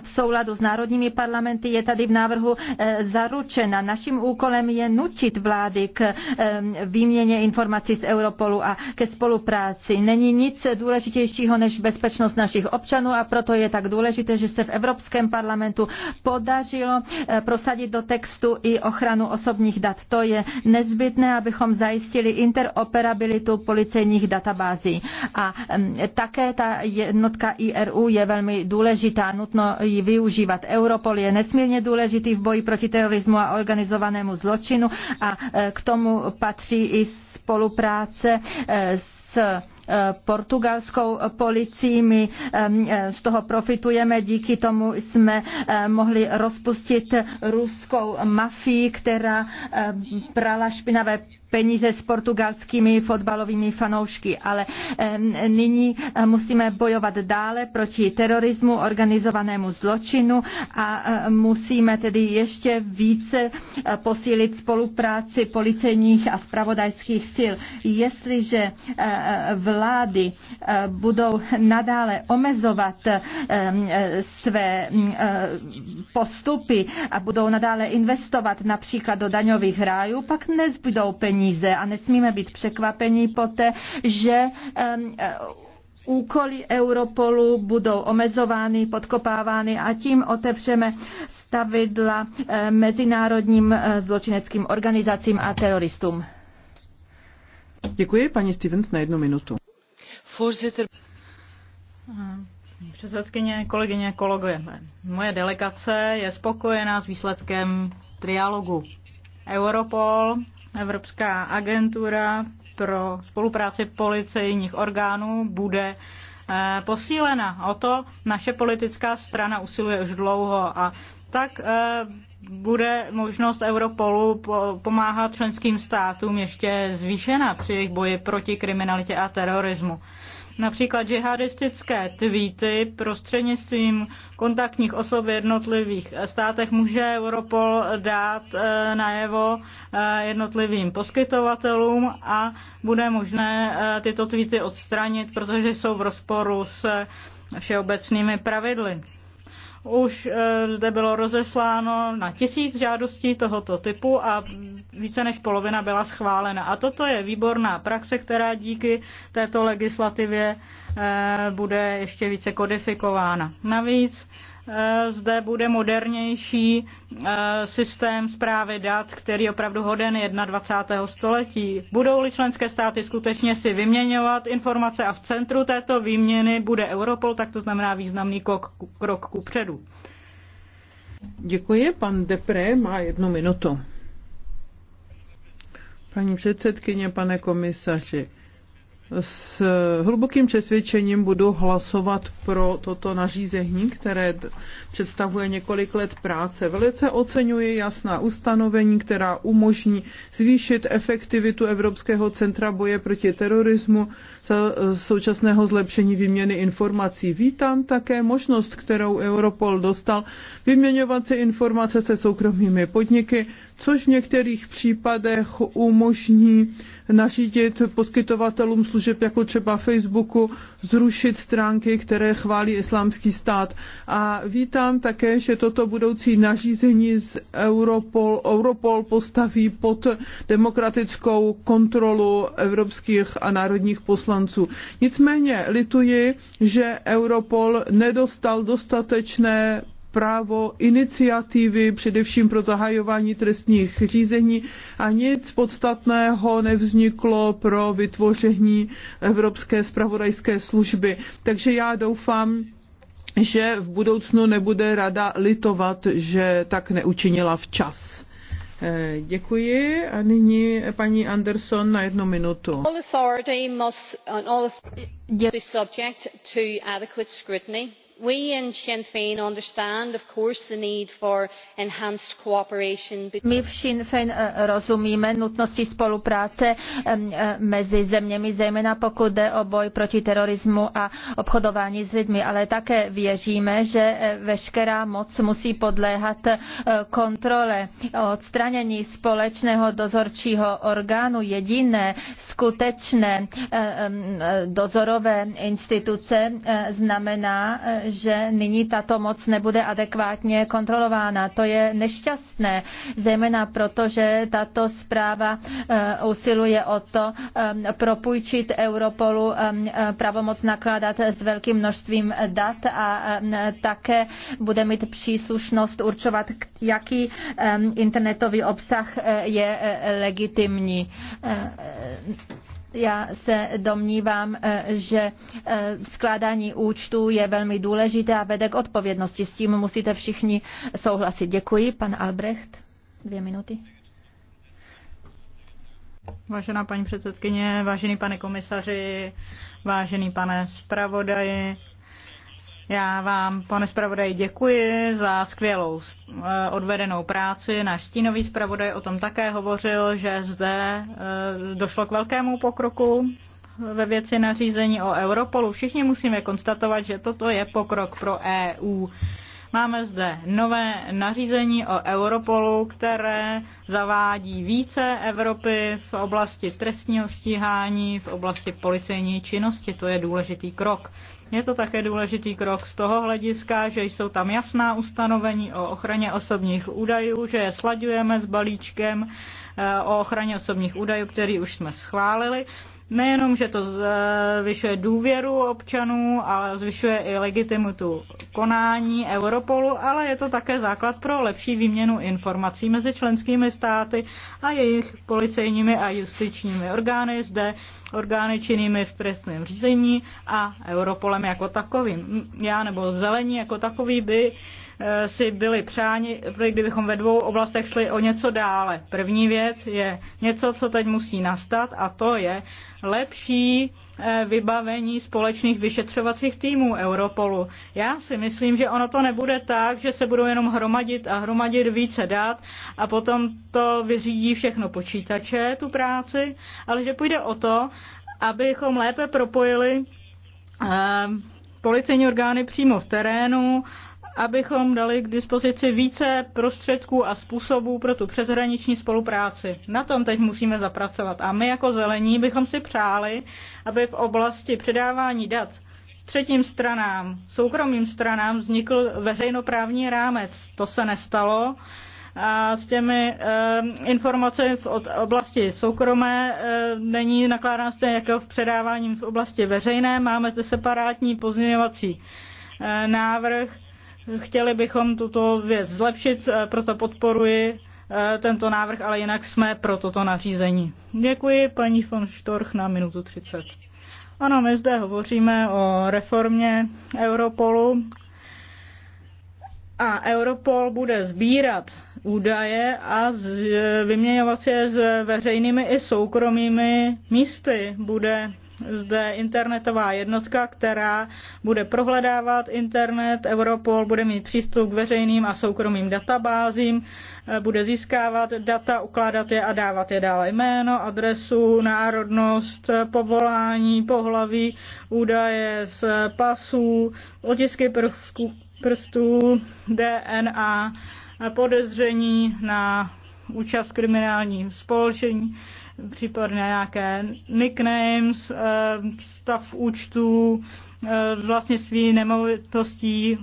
Speaker 3: v souladu s národními parlamenty je tady v návrhu zaručena. Naším úkolem je nutit vlády k výměně informací z Europolu a ke spolupráci. Není nic důležitějšího než bezpečnost našich občanů a proto je tak důležité, že se v Evropské Evropském parlamentu podařilo eh, prosadit do textu i ochranu osobních dat. To je nezbytné, abychom zajistili interoperabilitu policejních databází. A mm, také ta jednotka IRU je velmi důležitá, nutno ji využívat. Europol je nesmírně důležitý v boji proti terorismu a organizovanému zločinu a eh, k tomu patří i spolupráce eh, s Eh, portugalskou policií. My eh, z toho profitujeme, díky tomu jsme eh, mohli rozpustit ruskou mafii, která prala špinavé peníze s portugalskými fotbalovými fanoušky, ale nyní eh, musíme bojovat dále proti terorismu, organizovanému zločinu a eh, musíme tedy ještě více eh, posílit spolupráci policejních a spravodajských sil. Jestliže vlády budou nadále omezovat své mm, postupy a budou nadále investovat například do daňových rájů, pak nezbudou peníze peníze a nesmíme být překvapení poté, že e, úkoly Europolu budou omezovány, podkopávány a tím otevřeme stavidla e, mezinárodním e, zločineckým organizacím a teroristům.
Speaker 1: Děkuji, paní Stevens, na jednu minutu.
Speaker 4: Předsedkyně, kolegyně, kolegové, moje delegace je spokojená s výsledkem trialogu. Europol Evropská agentura pro spolupráci policejních orgánů bude eh, posílena. O to naše politická strana usiluje už dlouho a tak eh, bude možnost Europolu pomáhat členským státům ještě zvýšena při jejich boji proti kriminalitě a terorismu například džihadistické tweety prostřednictvím kontaktních osob v jednotlivých státech může Europol dát eh, najevo eh, jednotlivým poskytovatelům a bude možné eh, tyto tweety odstranit, protože jsou v rozporu s všeobecnými pravidly. Už eh, zde bylo rozesláno na tisíc žádostí tohoto typu a více než polovina byla schválena. A toto je výborná praxe, která díky této legislativě eh, bude ještě více kodifikována. Navíc Eh, zde bude modernější eh, systém zprávy dat, který je opravdu hoden 21. století. Budou-li členské státy skutečně si vyměňovat informace a v centru této výměny bude Europol, tak to znamená významný krok, krok ku předu.
Speaker 1: Děkuji. Pan Depré má jednu minutu. Paní předsedkyně, pane komisaři, s hlubokým přesvědčením budu hlasovat pro toto nařízení, které představuje několik let práce. Velice oceňuji jasná ustanovení, která umožní zvýšit efektivitu Evropského centra boje proti terorismu za současného zlepšení výměny informací. Vítám také možnost, kterou Europol dostal vyměňovat si informace se soukromými podniky, což v některých případech umožní nařídit poskytovatelům služeb jako třeba Facebooku zrušit stránky, které chválí islámský stát. A vítám také, že toto budoucí nařízení z Europol, Europol postaví pod demokratickou kontrolu evropských a národních poslanců. Nicméně lituji, že Europol nedostal dostatečné právo iniciativy, především pro zahajování trestních řízení a nic podstatného nevzniklo pro vytvoření Evropské spravodajské služby. Takže já doufám, že v budoucnu nebude rada litovat, že tak neučinila včas. Eh, děkuji a nyní paní Anderson na jednu minutu
Speaker 3: my v sinn féin eh, rozumíme nutnosti spolupráce eh, eh, mezi zeměmi zejména pokud jde o boj proti terorismu a obchodování s lidmi ale také věříme že veškerá moc musí podléhat kontrole. odstranění společného dozorčího orgánu jediné skutečné dozorové instituce znamená že nyní tato moc nebude adekvátně kontrolována. To je nešťastné, zejména proto, že tato zpráva eh, usiluje o to eh, propůjčit Europolu eh, pravomoc nakládat s velkým množstvím dat a také bude mít příslušnost určovat, jaký internetový obsah je legitimní já se domnívám, eh, že eh, skládání účtů je velmi důležité a vede k odpovědnosti. S tím musíte všichni souhlasit. Děkuji. Pan Albrecht, dvě
Speaker 4: minuty. Vážená paní předsedkyně, vážený pane komisaři, vážený pane zpravodaji, já vám, pane zpravodaj, děkuji za skvělou eh, odvedenou práci. Náš stínový zpravodaj o tom také hovořil, že zde eh, došlo k velkému pokroku ve věci nařízení o Europolu. Všichni musíme konstatovat, že toto je pokrok pro EU. Máme zde nové nařízení o Europolu, které zavádí více Evropy v oblasti trestního stíhání, v oblasti policejní činnosti. To je důležitý krok. Je to také důležitý krok z toho hlediska, že jsou tam jasná ustanovení o ochraně osobních údajů, že je slaďujeme s balíčkem eh, o ochraně osobních údajů, který už jsme schválili Nejenom, že to zvyšuje důvěru občanů, ale zvyšuje i legitimitu konání Europolu, ale je to také základ pro lepší výměnu informací mezi členskými státy a jejich policejními a justičními orgány, zde orgány činnými v trestném řízení a Europolem jako takovým. Já nebo zelení jako takový by Eh, si byli přáni, kdybychom ve dvou oblastech šli o něco dále. První věc je něco, co teď musí nastat a to je lepší eh, vybavení společných vyšetřovacích týmů Europolu. Já si myslím, že ono to nebude tak, že se budou jenom hromadit a hromadit více dát a potom to vyřídí všechno počítače, tu práci, ale že půjde o to, abychom lépe propojili eh, policejní orgány přímo v terénu abychom dali k dispozici více prostředků a způsobů pro tu přeshraniční spolupráci. Na tom teď musíme zapracovat. A my jako zelení bychom si přáli, aby v oblasti předávání dat třetím stranám, soukromým stranám vznikl veřejnoprávní rámec. To se nestalo. A s těmi e, ehm, informacemi v oblasti soukromé e, není nakládán stejně jako v předávání v oblasti veřejné. Máme zde separátní pozměňovací e, návrh, Chtěli bychom tuto věc zlepšit, eh, proto podporuji eh, tento návrh, ale jinak jsme pro toto nařízení. Děkuji, paní von Štorch, na minutu 30. Ano, my zde hovoříme o reformě Europolu a Europol bude sbírat údaje a z, eh, vyměňovat je s veřejnými i soukromými místy. Bude zde internetová jednotka, která bude prohledávat internet. Europol bude mít přístup k veřejným a soukromým databázím, eh, bude získávat data, ukládat je a dávat je dále jméno, adresu, národnost, eh, povolání, pohlaví, údaje z pasů, otisky prvků, prstů, DNA, eh, podezření na účast kriminální společení případně nějaké nicknames, eh, stav účtu eh, vlastně svý nemovitostí,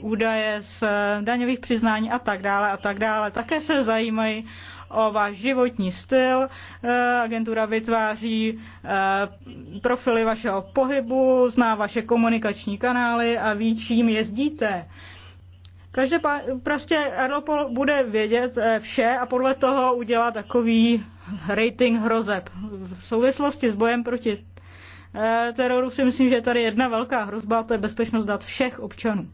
Speaker 4: údaje z daňových přiznání a tak dále a tak dále. Také se zajímají o váš životní styl. Eh, agentura vytváří profily vašeho pohybu, zná vaše komunikační kanály a ví, čím jezdíte. Každopádně prostě Europol bude vědět eh, vše a podle toho udělá takový rating hrozeb. V souvislosti s bojem proti eh, teroru si myslím, že je tady jedna velká hrozba a to je bezpečnost dat všech občanů.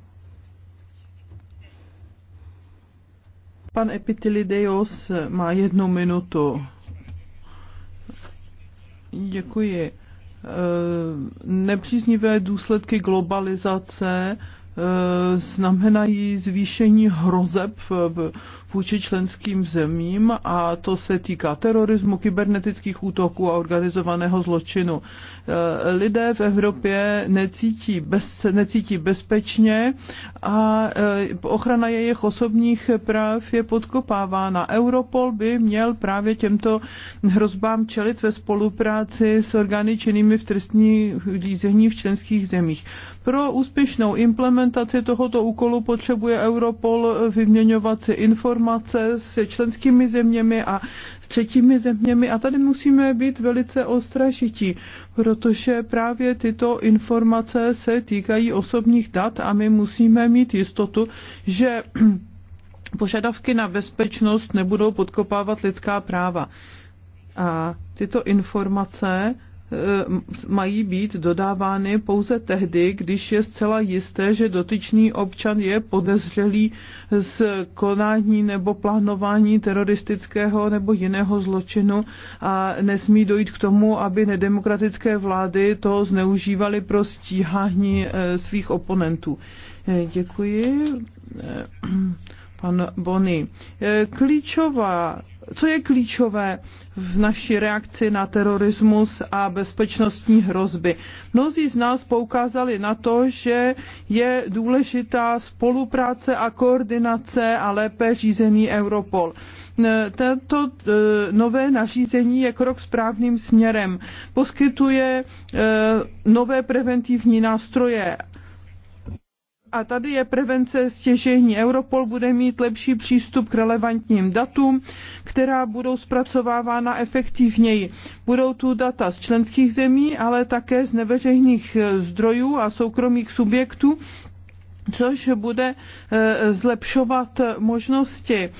Speaker 1: Pan Epitilideos eh, má jednu minutu. Děkuji. Nepříznivé důsledky globalizace Eh, znamenají zvýšení hrozeb eh, vůči členským zemím a to se týká terorismu, kybernetických útoků a organizovaného zločinu. Eh, lidé v Evropě necítí, bez, necítí bezpečně a ochrana jejich osobních práv je podkopávána. Europol by měl právě těmto hrozbám čelit ve spolupráci s orgány činnými v trestní řízení v členských zemích. Pro úspěšnou implementaci tohoto úkolu potřebuje Europol vyměňovat si informace se členskými zeměmi a s třetími zeměmi a tady musíme být velice ostražití, protože právě tyto informace se týkají osobních dat a my musíme mít jistotu, že požadavky na bezpečnost nebudou podkopávat lidská práva. A tyto informace Eh, mají být dodávány pouze tehdy, když je zcela jisté, že dotyčný občan je podezřelý z konání nebo plánování teroristického nebo jiného zločinu a nesmí dojít k tomu, aby nedemokratické vlády to zneužívaly pro stíhání eh, svých oponentů. Eh, děkuji. Pan Bony. Klíčová co je klíčové v naší reakci na terorismus a bezpečnostní hrozby. Mnozí z nás poukázali na to, že je důležitá spolupráce a koordinace a lépe řízený Europol. Tento e, nové nařízení je krok správným směrem. Poskytuje e, nové preventivní nástroje a tady je prevence stěžení. Europol bude mít lepší přístup k relevantním datům, která budou zpracovávána efektivněji. Budou tu data z členských zemí, ale také z neveřejných eh, zdrojů a soukromých subjektů, což bude e, zlepšovat možnosti. E,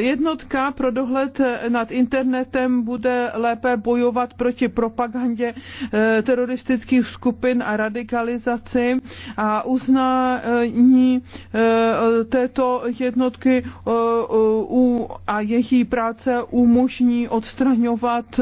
Speaker 1: jednotka pro dohled nad internetem bude lépe bojovat proti propagandě e, teroristických skupin a radikalizaci a uznání této jednotky a její práce umožní odstraňovat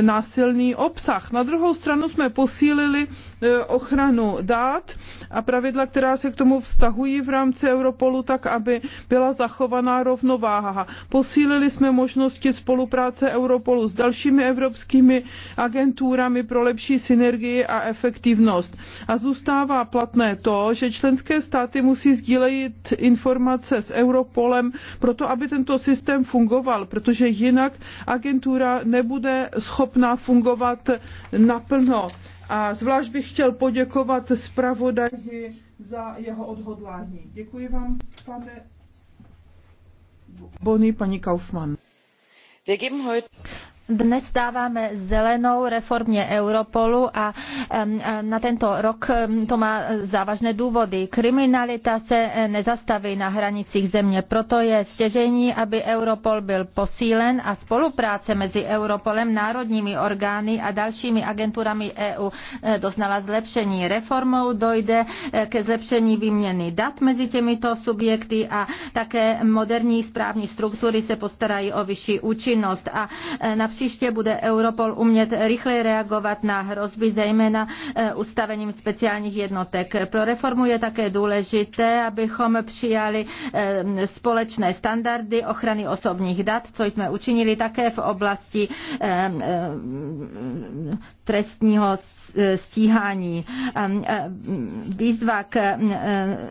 Speaker 1: násilný obsah. Na druhou stranu jsme posílili E, ochranu dát a pravidla, která se k tomu vztahují v rámci Europolu, tak aby byla zachovaná rovnováha. Posílili jsme možnosti spolupráce Europolu s dalšími evropskými agenturami pro lepší synergii a efektivnost. A zůstává platné to, že členské státy musí sdílejit informace s Europolem proto, aby tento systém fungoval, protože jinak agentura nebude schopná fungovat naplno a zvlášť bych chtěl poděkovat zpravodaji za jeho odhodlání. Děkuji vám, pane Bony, paní Kaufmann.
Speaker 3: Dnes dáváme zelenou reformě Europolu a na tento rok to má závažné důvody. Kriminalita se eh, nezastaví na hranicích země, proto je stěžení, aby Europol byl posílen a spolupráce mezi Europolem, národními orgány a dalšími agenturami EU eh, doznala zlepšení. Reformou dojde eh, ke zlepšení výměny dat mezi těmito subjekty a také moderní správní struktury se postarají o vyšší účinnost a například příště bude Europol umět rychle reagovat na hrozby, zejména eh, ustavením speciálních jednotek. Pro reformu je také důležité, abychom přijali eh, společné standardy ochrany osobních dat, co jsme učinili také v oblasti eh, trestního stíhání. Výzva k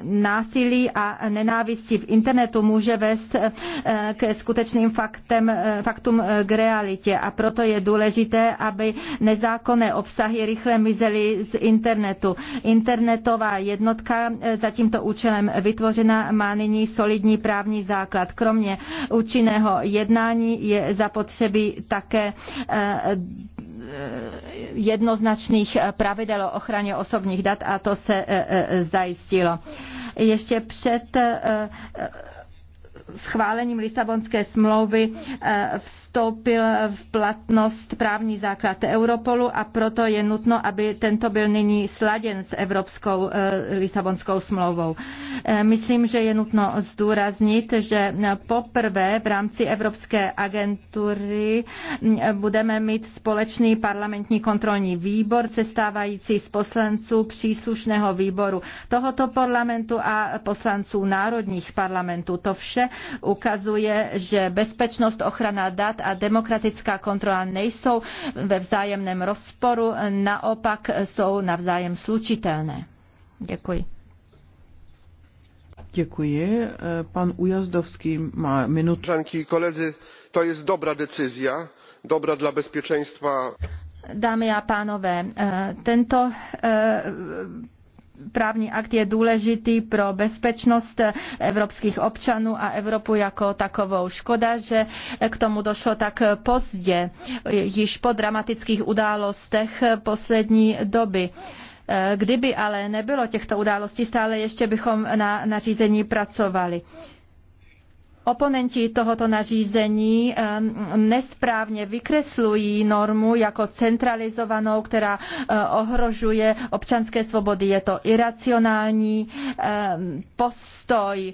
Speaker 3: násilí a nenávisti v internetu může vést k skutečným faktem, faktům k realitě a proto je důležité, aby nezákonné obsahy rychle mizely z internetu. Internetová jednotka za tímto účelem vytvořena má nyní solidní právní základ. Kromě účinného jednání je zapotřebí také jednoznačných jasných eh, pravidel o ochraně osobních dat a to se eh, eh, zajistilo. Ještě před schválením Lisabonské smlouvy vstup vstoupil v platnost právní základ Europolu a proto je nutno, aby tento byl nyní sladěn s Evropskou eh, Lisabonskou smlouvou. Eh, myslím, že je nutno zdůraznit, že poprvé v rámci Evropské agentury eh, budeme mít společný parlamentní kontrolní výbor sestávající z poslanců příslušného výboru tohoto parlamentu a poslanců národních parlamentů. To vše ukazuje, že bezpečnost, ochrana dat stát a demokratická kontrola nejsou ve vzájemném rozporu, naopak jsou navzájem slučitelné. Děkuji.
Speaker 1: Děkuji. Pan Ujazdovský, má minutu. Żanki koledzy, to je
Speaker 2: dobrá decyzia, dobrá dla bezpieczeństwa.
Speaker 3: Dámy a pánové, e, tento e, právní akt je důležitý pro bezpečnost evropských občanů a Evropu jako takovou. Škoda, že k tomu došlo tak pozdě, již po dramatických událostech poslední doby. Kdyby ale nebylo těchto událostí, stále ještě bychom na nařízení pracovali. Oponenti tohoto nařízení nesprávně vykreslují normu jako centralizovanou, která e, ohrožuje občanské svobody. Je to iracionální postoj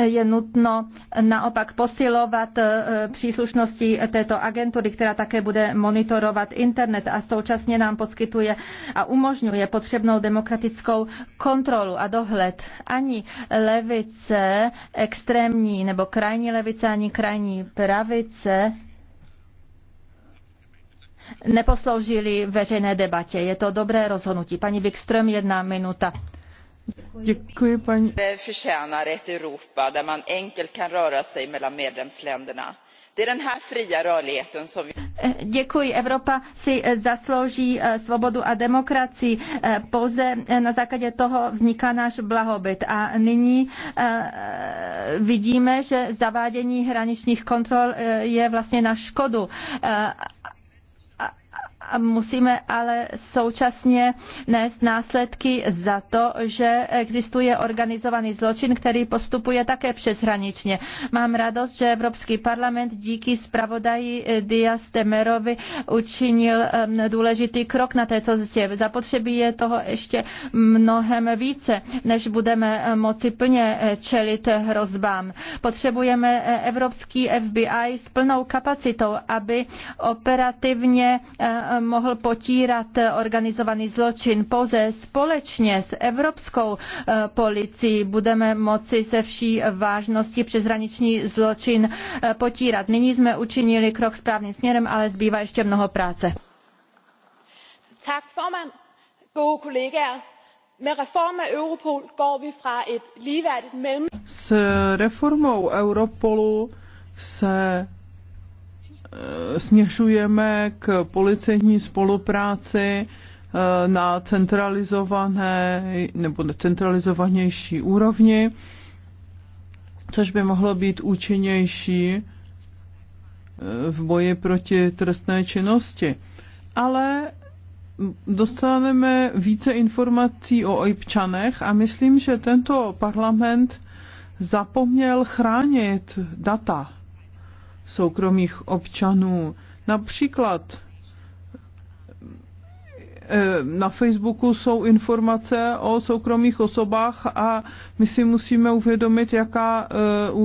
Speaker 3: je nutno naopak posilovat e, příslušnosti této agentury, která také bude monitorovat internet a současně nám poskytuje a umožňuje potřebnou demokratickou kontrolu a dohled. Ani levice extrémní nebo krajní levice, ani krajní pravice neposloužili veřejné debatě. Je to dobré rozhodnutí. Paní Wikström, jedna minuta. Děkuji, paní. förtjänar ett Europa där man enkelt kan röra sig mellan medlemsländerna. Det är den här fria rörligheten som vi... Eh, děkuji. Evropa si eh, zaslouží eh, svobodu a demokracii. Pouze na základě toho vzniká náš blahobyt. A nyní vidíme, že zavádění hraničních kontrol je vlastně na škodu musíme ale současně nést následky za to, že existuje organizovaný zločin, který postupuje také přeshraničně. Mám radost, že Evropský parlament díky zpravodaji eh, Dias Temerovi učinil důležitý krok na této cestě. Zapotřebí je toho ještě mnohem více, než budeme eh, moci plně eh, čelit hrozbám. Potřebujeme evropský FBI s plnou kapacitou, aby operativně mohl potírat organizovaný zločin. Pouze společně s evropskou eh, policií budeme moci se vší vážnosti přeshraniční zločin eh, potírat. Nyní jsme učinili krok správným směrem, ale zbývá ještě mnoho práce. Tak, formand.
Speaker 1: S reformou Europolu se Eh, směšujeme k policejní spolupráci eh, na centralizované nebo centralizovanější úrovni, což by mohlo být účinnější eh, v boji proti trestné činnosti. Ale dostaneme více informací o občanech a myslím, že tento parlament zapomněl chránit data soukromých občanů. Například eh, na Facebooku jsou informace o soukromých osobách a my si musíme uvědomit, jaká eh,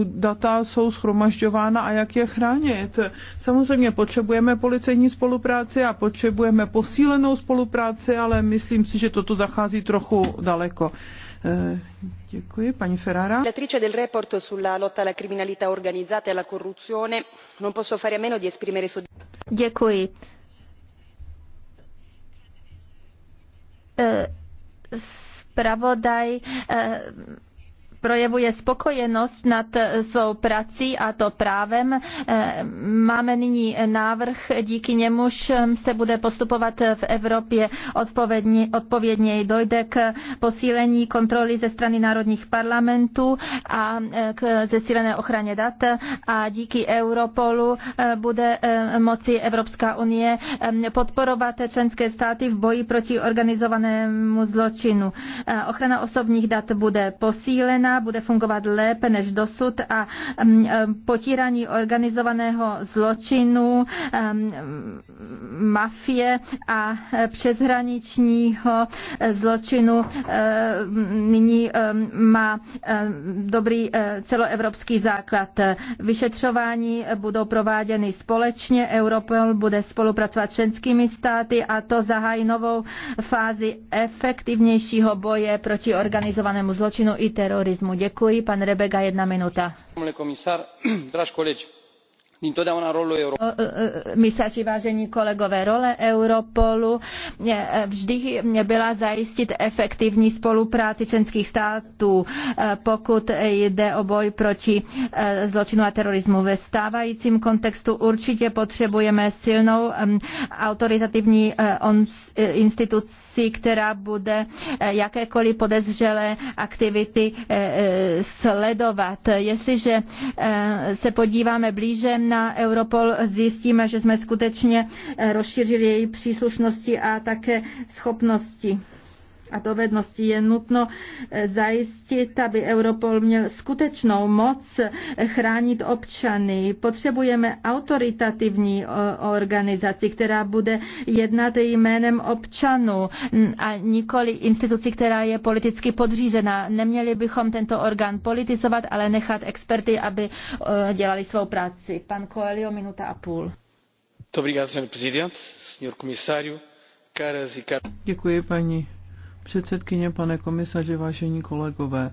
Speaker 1: data jsou schromažďována a jak je chránit. Samozřejmě potřebujeme policejní spolupráci a potřebujeme posílenou spolupráci, ale myslím si, že toto zachází trochu daleko. Eh, Relatrice
Speaker 5: della relazione sulla lotta alla criminalità organizzata e alla corruzione, non posso fare a meno di esprimere
Speaker 3: Děkuji. Eh, projevuje spokojenost nad eh, svou prací a to právem. Eh, máme nyní návrh, díky němuž hm, se bude postupovat v Evropě odpovědně, odpovědněji. Dojde k posílení kontroly ze strany národních parlamentů a eh, k zesílené ochraně dat a díky Europolu bude moci Evropská unie hm, podporovat členské státy v boji proti organizovanému zločinu. Ochrana osobních dat bude posílena posílena, bude fungovat lépe než dosud a mm, e, potírání organizovaného zločinu, e, mm, mafie a e, přeshraničního zločinu mm, nyní má dobrý celoevropský základ. Vyšetřování budou prováděny společně, Europol bude spolupracovat s členskými státy a to zahájí novou fázi efektivnějšího boje proti organizovanému zločinu i terorismu terorismu. Děkuji, pan Rebega, jedna minuta.
Speaker 5: Pane komisar, draž kolegi,
Speaker 3: Misaři, vážení kolegové, role Europolu eh, vždy byla zajistit efektivní spolupráci členských států, eh, pokud jde o boj proti eh, zločinu a terorismu. Ve stávajícím kontextu určitě potřebujeme silnou autoritativní instituci organizací, která bude eh, jakékoliv podezřelé aktivity eh, eh, sledovat. Jestliže se podíváme blíže na Europol, zjistíme, že jsme skutečně rozšířili její příslušnosti a také schopnosti a dovedností je nutno eh, zajistit, aby Europol měl skutečnou moc eh, chránit občany. Potřebujeme autoritativní eh, organizaci, která bude jednat jménem občanů a nikoli instituci, která je politicky podřízená. Neměli bychom tento orgán politizovat, ale nechat experty, aby dělali svou práci. Pan Coelho, minuta a půl.
Speaker 5: Dobrý den, pane prezident, pane komisáři, e
Speaker 1: Děkuji, paní předsedkyně, pane komisaři, vážení kolegové.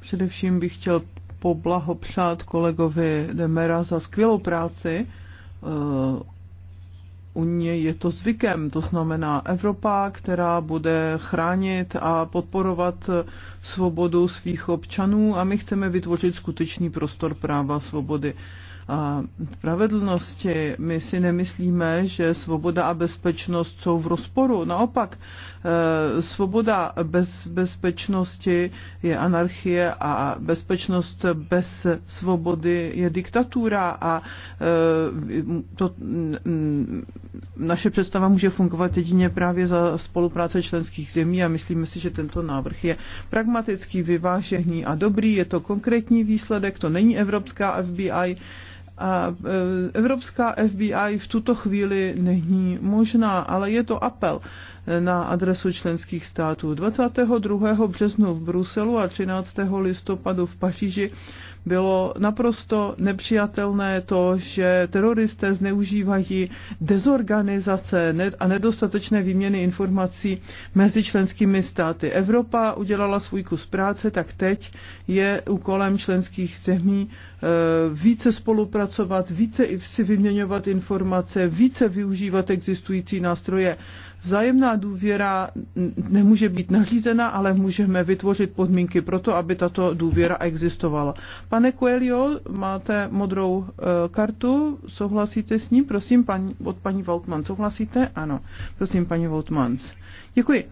Speaker 1: Především bych chtěl poblahopřát kolegovi Demera za skvělou práci. Eh, u něj je to zvykem, to znamená Evropa, která bude chránit a podporovat svobodu svých občanů a my chceme vytvořit skutečný prostor práva svobody a spravedlnosti. My si nemyslíme, že svoboda a bezpečnost jsou v rozporu. Naopak, e, svoboda bez bezpečnosti je anarchie a bezpečnost bez svobody je diktatura a e, to, naše představa může fungovat jedině právě za spolupráce členských zemí a myslíme si, že tento návrh je pragmatický, vyvážený a dobrý. Je to konkrétní výsledek, to není evropská FBI, a e, evropská FBI v tuto chvíli není možná, ale je to apel e, na adresu členských států. 22. březnu v Bruselu a 13. listopadu v Paříži bylo naprosto nepřijatelné to, že teroristé zneužívají dezorganizace a nedostatečné výměny informací mezi členskými státy. Evropa udělala svůj kus práce, tak teď je úkolem členských zemí eh, více spolupracovat, více si vyměňovat informace, více využívat existující nástroje Vzájemná důvěra nemůže být nařízena, ale můžeme vytvořit podmínky pro to, aby tato důvěra existovala. Pane Coelho, máte modrou eh, kartu, souhlasíte s ním? Prosím, paní, od paní Voltman, souhlasíte? Ano, prosím, paní Voltmans. Děkuji.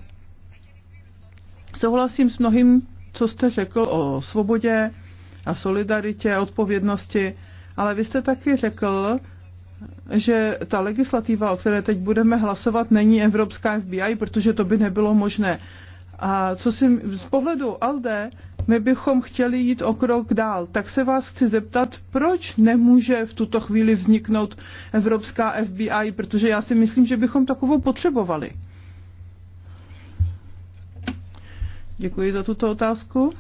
Speaker 1: Souhlasím s mnohým, co jste řekl o svobodě a solidaritě, odpovědnosti, ale vy jste taky řekl, že ta legislativa, o které teď budeme hlasovat, není evropská FBI, protože to by nebylo možné. A co si z pohledu ALDE, my bychom chtěli jít o krok dál. Tak se vás chci zeptat, proč nemůže v tuto chvíli vzniknout evropská FBI, protože já si myslím, že bychom takovou potřebovali. Děkuji za tuto otázku.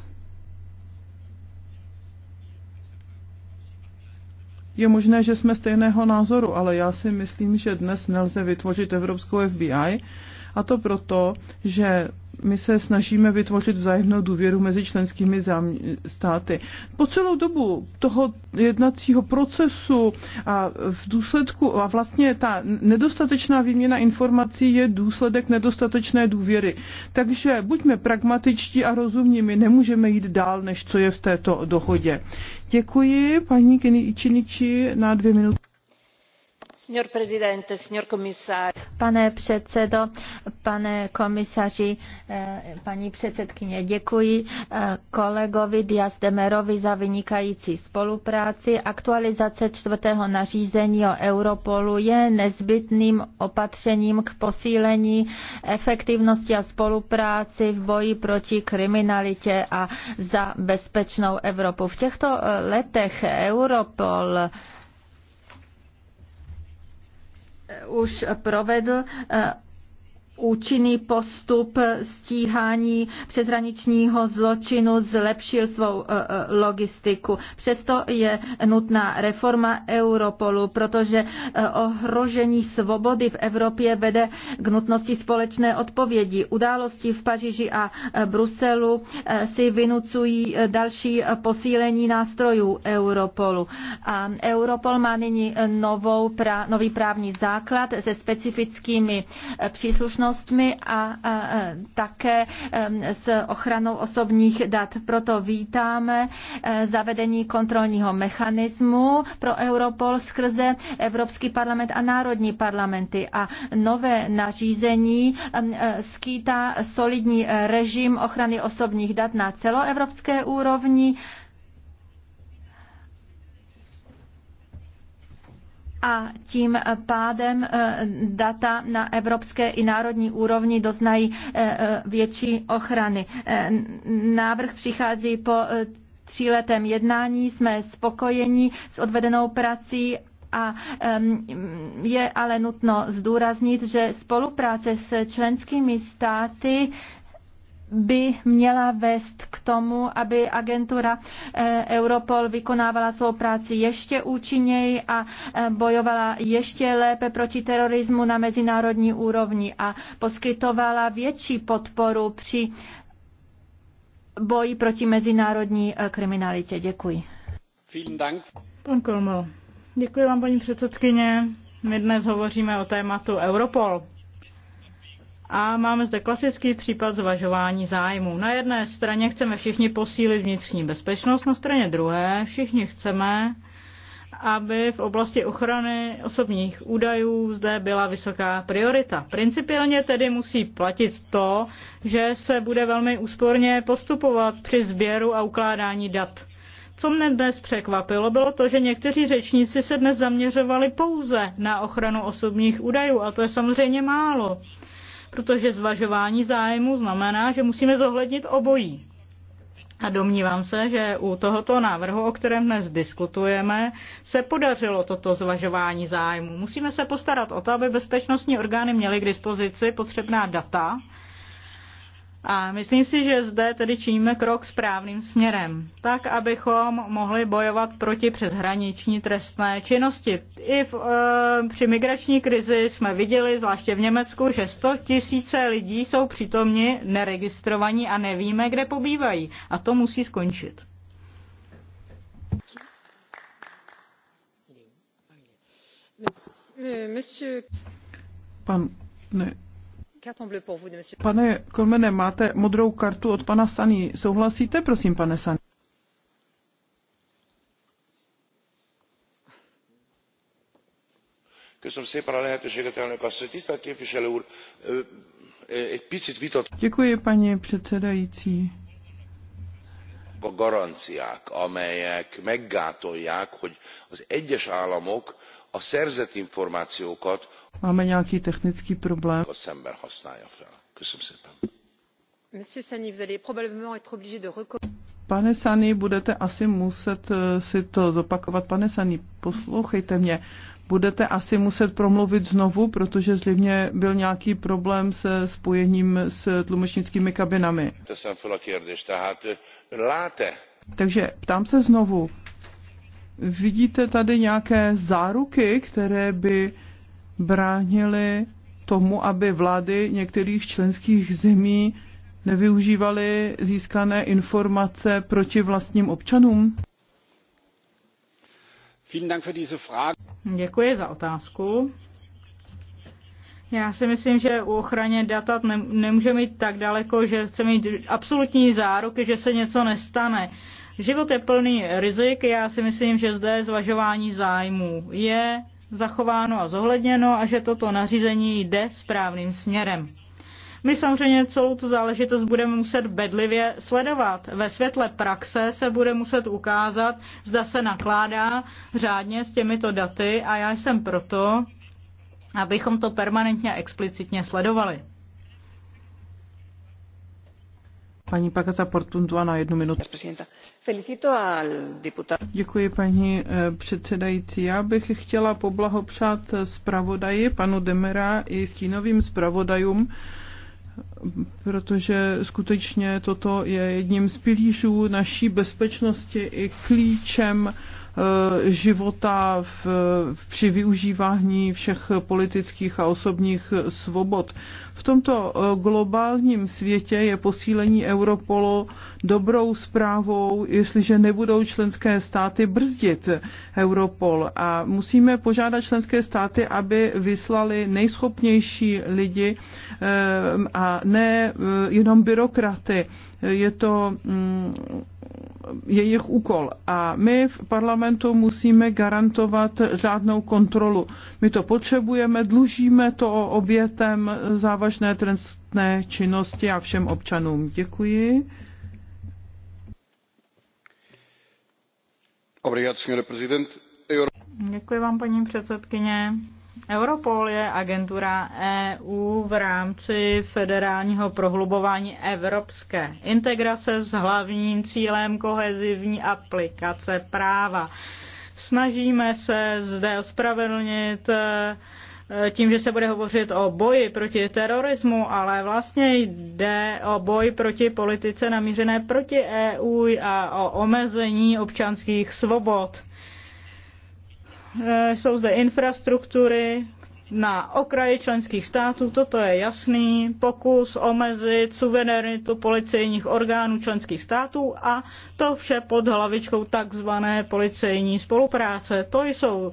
Speaker 1: Je možné, že jsme stejného názoru, ale já si myslím, že dnes nelze vytvořit evropskou FBI, a to proto, že my se snažíme vytvořit vzájemnou důvěru mezi členskými státy. Po celou dobu toho jednacího procesu a v důsledku a vlastně ta nedostatečná výměna informací je důsledek nedostatečné důvěry. Takže buďme pragmatičtí a rozumní, my nemůžeme jít dál, než co je v této dohodě. Děkuji paní Kini Ičiniči na dvě minuty.
Speaker 3: Pane předsedo, pane komisaři, eh, paní předsedkyně, děkuji eh, kolegovi de merovi za vynikající spolupráci. Aktualizace čtvrtého nařízení o Europolu je nezbytným opatřením k posílení efektivnosti a spolupráci v boji proti kriminalitě a za bezpečnou Evropu. V těchto eh, letech Europol už provedl eh, účinný postup stíhání přeshraničního zločinu zlepšil svou eh, eh, logistiku. Přesto je nutná reforma Europolu, protože eh, ohrožení svobody v Evropě vede k nutnosti společné odpovědi. Události v Paříži a Bruselu si vynucují další posílení nástrojů Europolu. A Europol má nyní novou, nový právní základ se specifickými příslušnostmi povinnostmi a také s ochranou osobních dat. Proto vítáme e, zavedení kontrolního mechanismu pro Europol skrze Evropský parlament a národní parlamenty a nové nařízení e, skýtá solidní režim ochrany osobních dat na celoevropské úrovni a tím pádem eh, data na evropské i národní úrovni doznají eh, eh, větší ochrany. Návrh přichází po tříletém jednání, jsme spokojeni s odvedenou prací a je ale nutno zdůraznit, že spolupráce s členskými státy by měla vést k tomu, aby agentura eh, Europol vykonávala svou práci ještě účinněji a eh, bojovala ještě lépe proti terorismu na mezinárodní úrovni a poskytovala větší podporu při boji proti mezinárodní eh, kriminalitě. Děkuji. Pan Kolmo,
Speaker 4: děkuji vám, paní předsedkyně. My dnes hovoříme o tématu Europol. A máme zde klasický případ zvažování zájmu. Na jedné straně chceme všichni posílit vnitřní bezpečnost, na straně druhé všichni chceme, aby v oblasti ochrany osobních údajů zde byla vysoká priorita. Principiálně tedy musí platit to, že se bude velmi úsporně postupovat při sběru a ukládání dat. Co mne dnes překvapilo, bylo to, že někteří řečníci se dnes zaměřovali pouze na ochranu osobních údajů a to je samozřejmě málo protože zvažování zájmu znamená, že musíme zohlednit obojí. A domnívám se, že u tohoto návrhu, o kterém dnes diskutujeme, se podařilo toto zvažování zájmu. Musíme se postarat o to, aby bezpečnostní orgány měly k dispozici potřebná data, a myslím si, že zde tedy činíme krok správným směrem, tak abychom mohli bojovat proti přeshraniční trestné činnosti. I v, e, při migrační krizi jsme viděli, zvláště v Německu, že 100 tisíce lidí jsou přítomni neregistrovaní a nevíme, kde pobývají. A to musí skončit. Pan,
Speaker 1: ne, Pane Kolmene, máte modrou kartu od pana Sany. Souhlasíte, prosím, pane Sany? Děkuji, paní předsedající.
Speaker 5: A garanciák, amelyek meggátolják, hogy az
Speaker 2: egyes államok a szerzett információkat Máme nějaký technický problém. használja fel. Köszönöm szépen.
Speaker 1: Pane Sani, budete asi muset eh, si to zopakovat. Pane Sani, poslouchejte mě. Budete asi muset promluvit znovu, protože zřejmě byl nějaký problém se spojením s tlumočnickými kabinami. Eh, Takže ptám se znovu Vidíte tady nějaké záruky, které by bránily tomu, aby vlády některých členských zemí nevyužívaly získané informace proti vlastním občanům?
Speaker 4: Děkuji za otázku. Já si myslím, že u ochraně data nemůžeme jít tak daleko, že chceme mít absolutní záruky, že se něco nestane. Život je plný rizik, já si myslím, že zde zvažování zájmů je zachováno a zohledněno a že toto nařízení jde správným směrem. My samozřejmě celou tu záležitost budeme muset bedlivě sledovat. Ve světle praxe se bude muset ukázat, zda se nakládá řádně s těmito daty a já jsem proto, abychom to permanentně a explicitně sledovali.
Speaker 1: Paní eh, předsedající. Já bych chtěla poblahopřát eh, zpravodaji panu Demera i stínovým zpravodajům, protože skutečně toto je jedním z pilířů naší bezpečnosti i klíčem eh, života v, při využívání všech politických a osobních svobod. V tomto eh, globálním světě je posílení Europolu dobrou zprávou, jestliže nebudou členské státy brzdit Europol. A musíme požádat členské státy, aby vyslali nejschopnější lidi eh, a ne eh, jenom byrokraty. Je to mm, jejich úkol. A my v parlamentu musíme garantovat řádnou kontrolu. My to potřebujeme, dlužíme to obětem za závažné trestné činnosti a všem občanům. Děkuji.
Speaker 4: Děkuji vám, paní předsedkyně. Europol je agentura EU v rámci federálního prohlubování evropské integrace s hlavním cílem kohezivní aplikace práva. Snažíme se zde ospravedlnit tím, že se bude hovořit o boji proti terorismu, ale vlastně jde o boj proti politice namířené proti EU a o omezení občanských svobod. E, jsou zde infrastruktury na okraji členských států, toto je jasný pokus omezit suverenitu policejních orgánů členských států a to vše pod hlavičkou takzvané policejní spolupráce. To jsou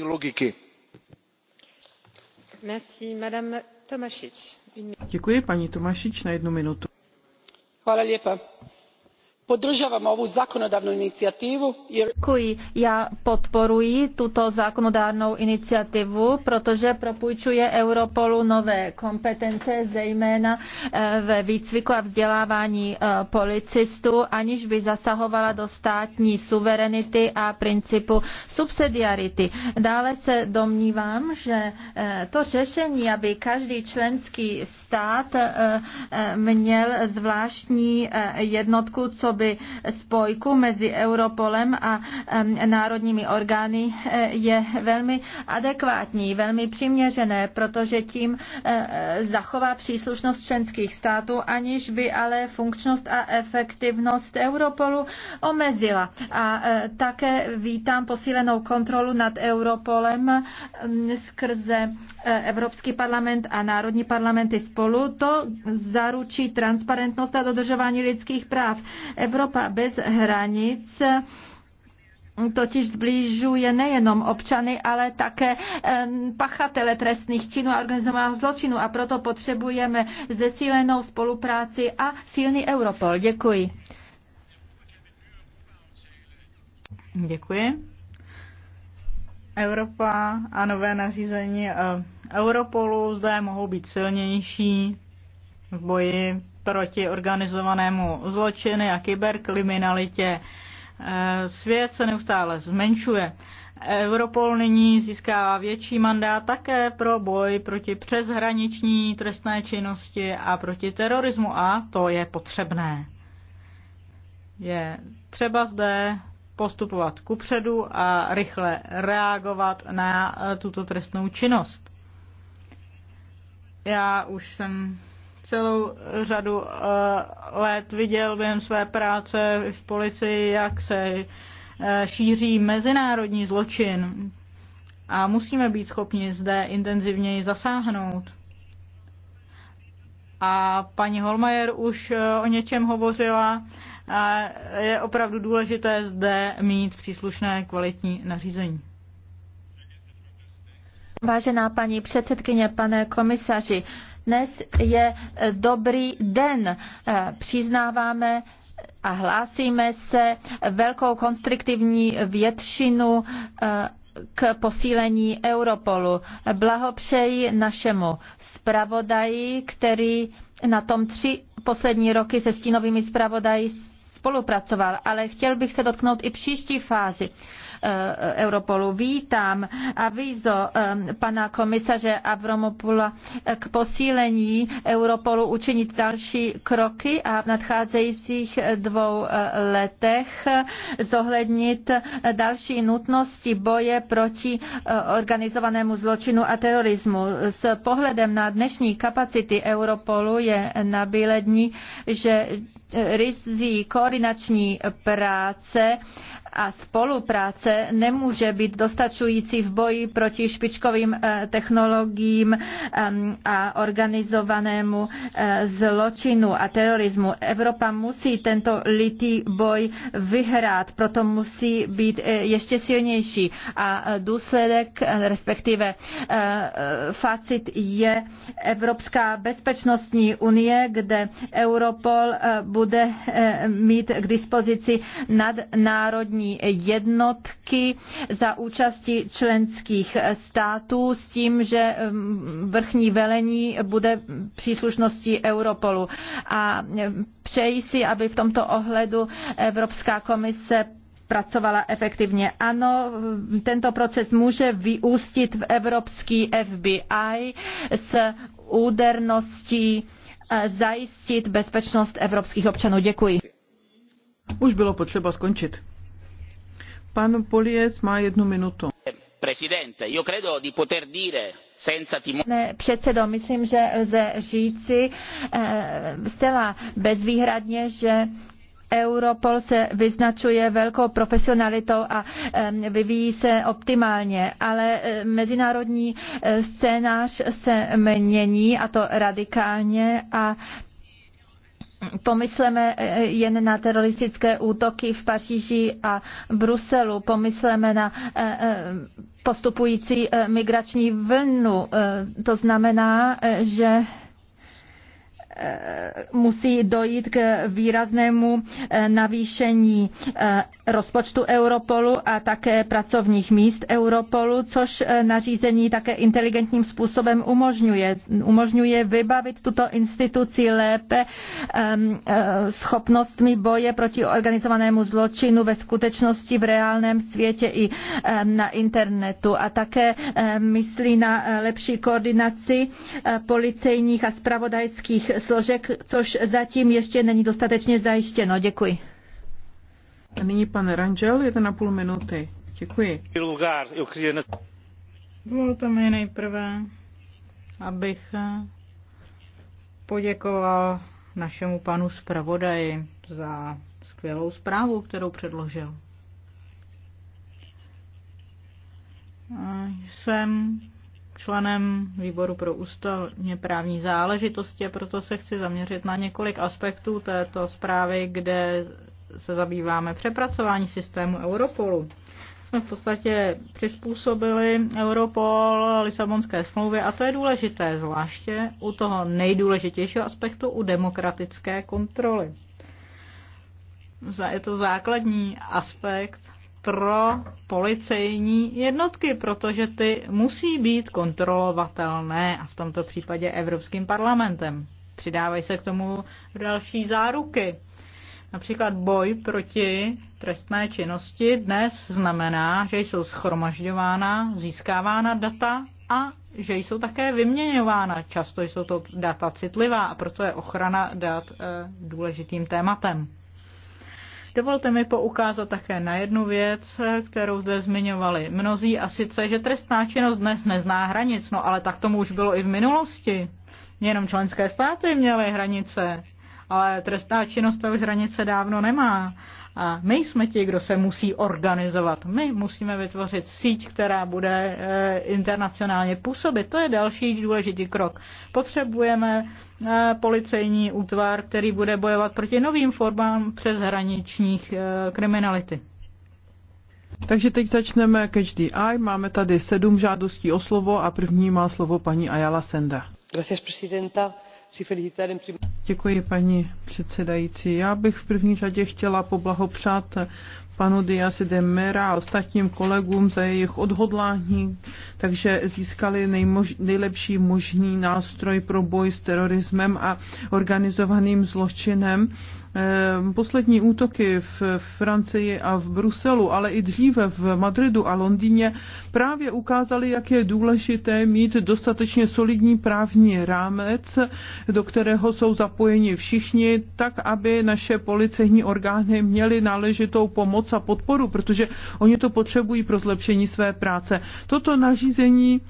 Speaker 2: selhání logiky.
Speaker 1: Děkuji, paní na jednu minutu podržavam ovu zakonodavnu inicijativu
Speaker 3: jer... já podporuji tuto zákonodárnou iniciativu protože propůjčuje europolu nové kompetence zejména eh, ve výcviku a vzdělávání eh, policistů aniž by zasahovala do státní suverenity a principu subsidiarity. dále se domnívám že eh, to řešení aby každý členský stát eh, eh, měl zvláštní eh, jednotku, co by spojku mezi Europolem a národními orgány je velmi adekvátní, velmi přiměřené, protože tím zachová příslušnost členských států, aniž by ale funkčnost a efektivnost Europolu omezila. A také vítám posílenou kontrolu nad Europolem mm, skrze Evropský parlament a národní parlamenty spojku spolu, to zaručí transparentnost a dodržování lidských práv. Evropa bez hranic totiž zblížuje nejenom občany, ale také pachatele trestných činů a organizovaného zločinu a proto potřebujeme zesílenou spolupráci a silný Europol. Děkuji.
Speaker 4: Děkuji. Evropa a nové nařízení Europolu, zde mohou být silnější v boji proti organizovanému zločiny a kyberkriminalitě. E, svět se neustále zmenšuje. Europol nyní získává větší mandát také pro boj proti přeshraniční trestné činnosti a proti terorismu a to je potřebné. Je třeba zde postupovat kupředu a rychle reagovat na tuto trestnou činnost. Já už jsem celou řadu eh, let viděl během své práce v policii, jak se eh, šíří mezinárodní zločin a musíme být schopni zde intenzivněji zasáhnout. A paní Holmajer už eh, o něčem hovořila. A je opravdu důležité zde mít příslušné kvalitní nařízení.
Speaker 3: Vážená paní předsedkyně, pane komisaři, dnes je dobrý den. Eh, přiznáváme a hlásíme se velkou konstruktivní většinu eh, k posílení Europolu. Blahopřeji našemu zpravodaji, který na tom tři poslední roky se stínovými zpravodaji spolupracoval, ale chtěl bych se dotknout i příští fázi. Eh, Europolu. Vítám avízo eh, pana komisaře Avromopula k posílení Europolu učinit další kroky a v nadcházejících dvou eh, letech zohlednit další nutnosti boje proti organizovanému zločinu a terorismu. S pohledem na dnešní kapacity Europolu je nabílední, že rizí koordinační práce a spolupráce nemůže být dostačující v boji proti špičkovým eh, technologiím a organizovanému eh, zločinu a terorismu. Evropa musí tento litý boj vyhrát, proto musí být eh, ještě silnější a důsledek, respektive facit je Evropská bezpečnostní unie, kde Europol bude mít k dispozici nadnárodní právní jednotky za účasti členských států s tím, že um, vrchní velení bude příslušností Europolu. A um, přeji si, aby v tomto ohledu Evropská komise pracovala efektivně. Ano, um, tento proces může vyústit v evropský FBI s úderností eh,
Speaker 1: zajistit bezpečnost evropských občanů. Děkuji. Už bylo potřeba skončit. Pan Polies má jednu minutu.
Speaker 3: Pane předsedo, myslím, že lze říci eh, zcela bezvýhradně, že Europol se vyznačuje velkou profesionalitou a eh, vyvíjí se optimálně, ale eh, mezinárodní scénář se mění a to radikálně a Pomysleme e, e, jen na teroristické útoky v Paříži a Bruselu, pomysleme na e, postupující migrační vlnu. To znamená, že musí dojít k výraznému eh, navýšení eh, rozpočtu Europolu a také pracovních míst Europolu, což eh, nařízení také inteligentním způsobem umožňuje. Umožňuje vybavit tuto instituci lépe ehm, schopnostmi boje proti organizovanému zločinu ve skutečnosti v reálném světě i ehm, na internetu a také ehm, myslí na lepší koordinaci policejních a spravodajských složek, což zatím ještě není dostatečně zajištěno. Děkuji.
Speaker 1: A nyní pan
Speaker 4: Rangel, na půl minuty. Děkuji. to mi nejprve, abych poděkoval našemu panu zpravodaji za skvělou zprávu, kterou předložil. Jsem členem výboru pro ústavně právní záležitosti a proto se chci zaměřit na několik aspektů této zprávy, kde se zabýváme přepracování systému Europolu. Jsme v podstatě přizpůsobili Europol Lisabonské smlouvě a to je důležité, zvláště u toho nejdůležitějšího aspektu u demokratické kontroly. Je to základní aspekt pro policejní jednotky, protože ty musí být kontrolovatelné a v tomto případě Evropským parlamentem. Přidávají se k tomu další záruky. Například boj proti trestné činnosti dnes znamená, že jsou schromažďována, získávána data a že jsou také vyměňována. Často jsou to data citlivá a proto je ochrana dat eh, důležitým tématem. Dovolte mi poukázat také na jednu věc, kterou zde zmiňovali mnozí, a sice, že trestná činnost dnes nezná hranic, no ale tak tomu už bylo i v minulosti. Jenom členské státy měly hranice, ale trestná činnost to už hranice dávno nemá. A my jsme ti, kdo se musí organizovat. My musíme vytvořit síť, která bude eh, internacionálně působit. To je další důležitý krok. Potřebujeme eh, policejní útvar, který bude bojovat proti novým formám přeshraničních eh, kriminality.
Speaker 1: Takže teď začneme Catch the Eye. Máme tady sedm žádostí o slovo a první má slovo paní Ayala Senda.
Speaker 5: Gracias, presidenta.
Speaker 1: Děkuji, paní předsedající. Já bych v první řadě chtěla poblahopřát panu Diasi de Mera a ostatním kolegům za jejich odhodlání, takže získali nejmož, nejlepší možný nástroj pro boj s terorismem a organizovaným zločinem Ehm, poslední útoky v Francii a v Bruselu, ale i dříve v Madridu a Londýně právě ukázaly, jak je důležité mít dostatečně solidní právní rámec, do kterého jsou zapojeni všichni, tak aby naše policejní orgány měly náležitou pomoc a podporu, protože oni to potřebují pro zlepšení své práce. Toto nařízení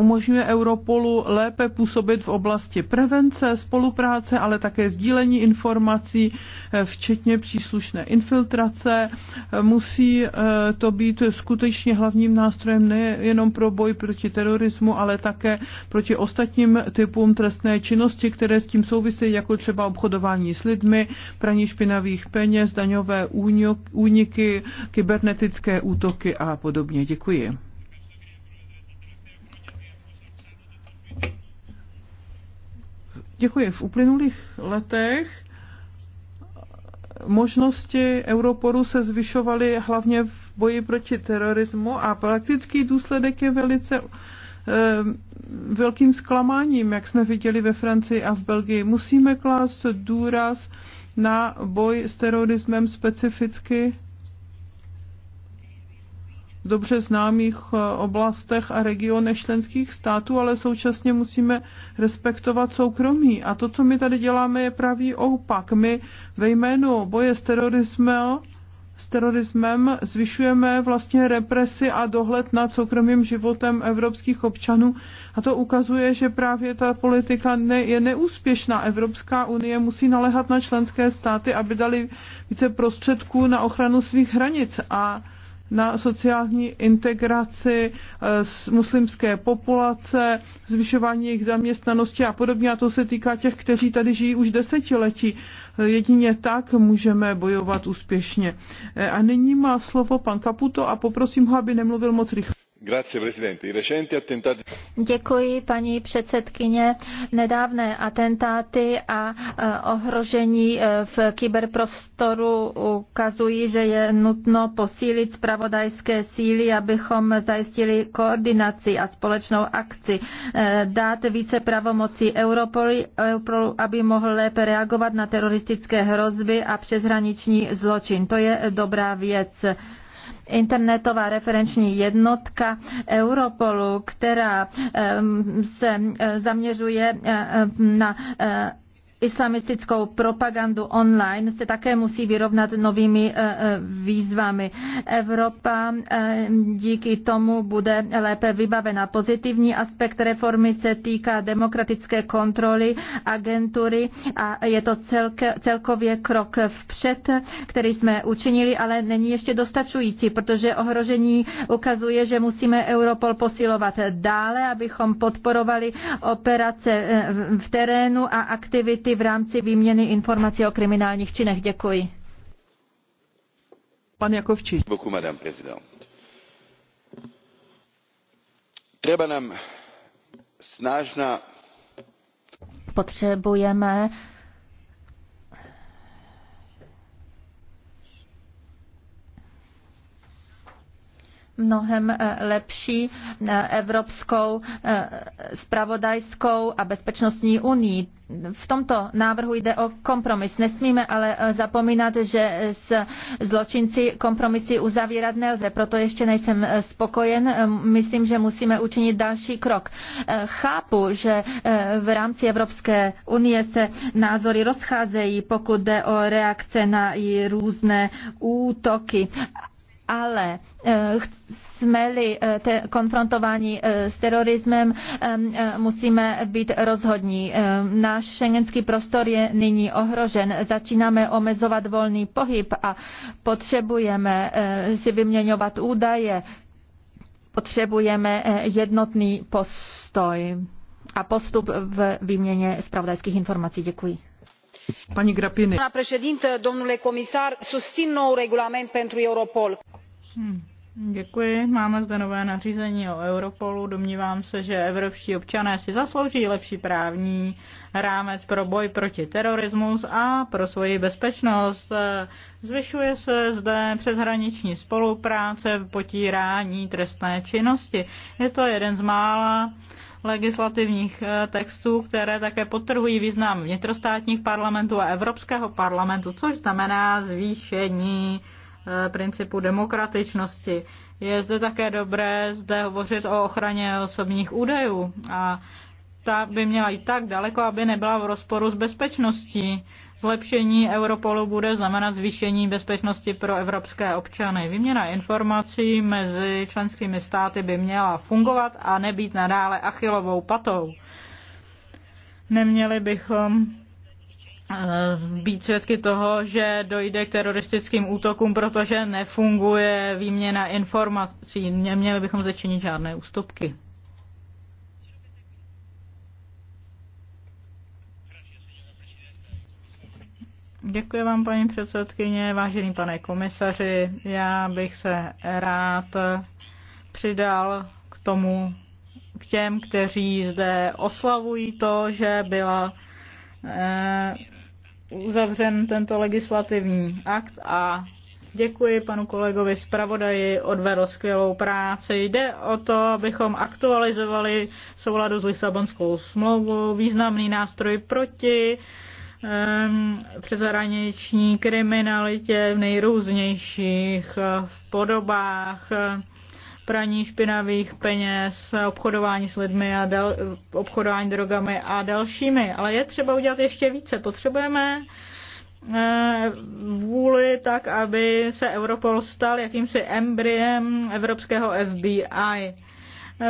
Speaker 1: umožňuje Europolu lépe působit v oblasti prevence, spolupráce, ale také sdílení informací, eh, včetně příslušné infiltrace. Eh, musí eh, to být skutečně hlavním nástrojem nejenom pro boj proti terorismu, ale také proti ostatním typům trestné činnosti, které s tím souvisejí, jako třeba obchodování s lidmi, praní špinavých peněz, daňové úniky, kybernetické útoky a podobně. Děkuji. Děkuji. V uplynulých letech možnosti Europoru se zvyšovaly hlavně v boji proti terorismu a praktický důsledek je velice eh, velkým zklamáním, jak jsme viděli ve Francii a v Belgii. Musíme klást důraz na boj s terorismem specificky dobře známých eh, oblastech a regionech členských států, ale současně musíme respektovat soukromí. A to, co my tady děláme, je pravý opak. My ve jménu boje s terorismem s terorismem zvyšujeme vlastně represi a dohled nad soukromým životem evropských občanů. A to ukazuje, že právě ta politika ne, je neúspěšná. Evropská unie musí naléhat na členské státy, aby dali více prostředků na ochranu svých hranic. A na sociální integraci eh, muslimské populace, zvyšování jejich zaměstnanosti a podobně. A to se týká těch, kteří tady žijí už desetiletí. Eh, jedině tak můžeme bojovat úspěšně. Eh, a nyní má slovo pan Kaputo a poprosím ho, aby nemluvil moc rychle.
Speaker 3: Děkuji, paní předsedkyně. Nedávné atentáty a e, ohrožení e, v kyberprostoru ukazují, že je nutno posílit spravodajské síly, abychom zajistili koordinaci a společnou akci. E, dát více pravomocí Europolu, Europolu aby mohl lépe reagovat na teroristické hrozby a přeshraniční zločin. To je dobrá věc internetová referenční jednotka Europolu, která se eh, zaměřuje eh, na eh, islamistickou propagandu online se také musí vyrovnat novými eh, eh, výzvami. Evropa eh, díky tomu bude lépe vybavena. Pozitivní aspekt reformy se týká demokratické kontroly agentury a je to celkově krok vpřed, který jsme učinili, ale není ještě dostačující, protože ohrožení ukazuje, že musíme Europol posilovat dále, abychom podporovali operace v terénu a aktivity v rámci výměny informací o kriminálních činech. Děkuji.
Speaker 1: Pan Jakovčič. Treba
Speaker 2: nám snažná
Speaker 3: Potřebujeme mnohem eh, lepší eh, evropskou eh, spravodajskou a bezpečnostní unii. V tomto návrhu jde o kompromis. Nesmíme ale zapomínat, že s zločinci kompromisy uzavírat nelze. Proto ještě nejsem spokojen. Myslím, že musíme učinit další krok. Chápu, že v rámci Evropské unie se názory rozcházejí, pokud jde o reakce na i různé útoky ale eh, jsme-li eh, konfrontováni eh, s terorismem, musíme být rozhodní. Náš šengenský prostor je nyní ohrožen. Začínáme omezovat volný pohyb a potřebujeme si vyměňovat údaje. Potřebujeme jednotný postoj a postup v výměně zpravodajských informací. Děkuji
Speaker 4: doamnă președintă domnule comisar susțin noul regulament pentru
Speaker 5: europol. Hmm,
Speaker 4: děkuji. Máme zde nové nařízení o Europolu. Domnívám se, že evropští občané si zaslouží lepší právní rámec pro boj proti terorismu a pro svoji bezpečnost. Zvyšuje se zde přeshraniční spolupráce v potírání trestné činnosti. Je to jeden z mála legislativních eh, textů, které také potrhují význam vnitrostátních parlamentů a Evropského parlamentu, což znamená zvýšení eh, principu demokratičnosti. Je zde také dobré zde hovořit o ochraně osobních údajů a ta by měla jít tak daleko, aby nebyla v rozporu s bezpečností. Zlepšení Europolu bude znamenat zvýšení bezpečnosti pro evropské občany. Výměna informací mezi členskými státy by měla fungovat a nebýt nadále achilovou patou. Neměli bychom eh, být svědky toho, že dojde k teroristickým útokům, protože nefunguje výměna informací. Neměli bychom začinit žádné ústupky. Děkuji vám, paní předsedkyně, vážený pane komisaři. Já bych se rád přidal k tomu, k těm, kteří zde oslavují to, že byla eh, uzavřen tento legislativní akt a děkuji panu kolegovi zpravodaji, odvedl skvělou práci. Jde o to, abychom aktualizovali souladu s Lisabonskou smlouvou významný nástroj proti eh, Ehm, přezahraniční kriminalitě v nejrůznějších eh, v podobách, eh, praní špinavých peněz, obchodování s lidmi a dal, obchodování drogami a dalšími. Ale je třeba udělat ještě více. Potřebujeme eh, vůli tak, aby se Europol stal jakýmsi embryem evropského FBI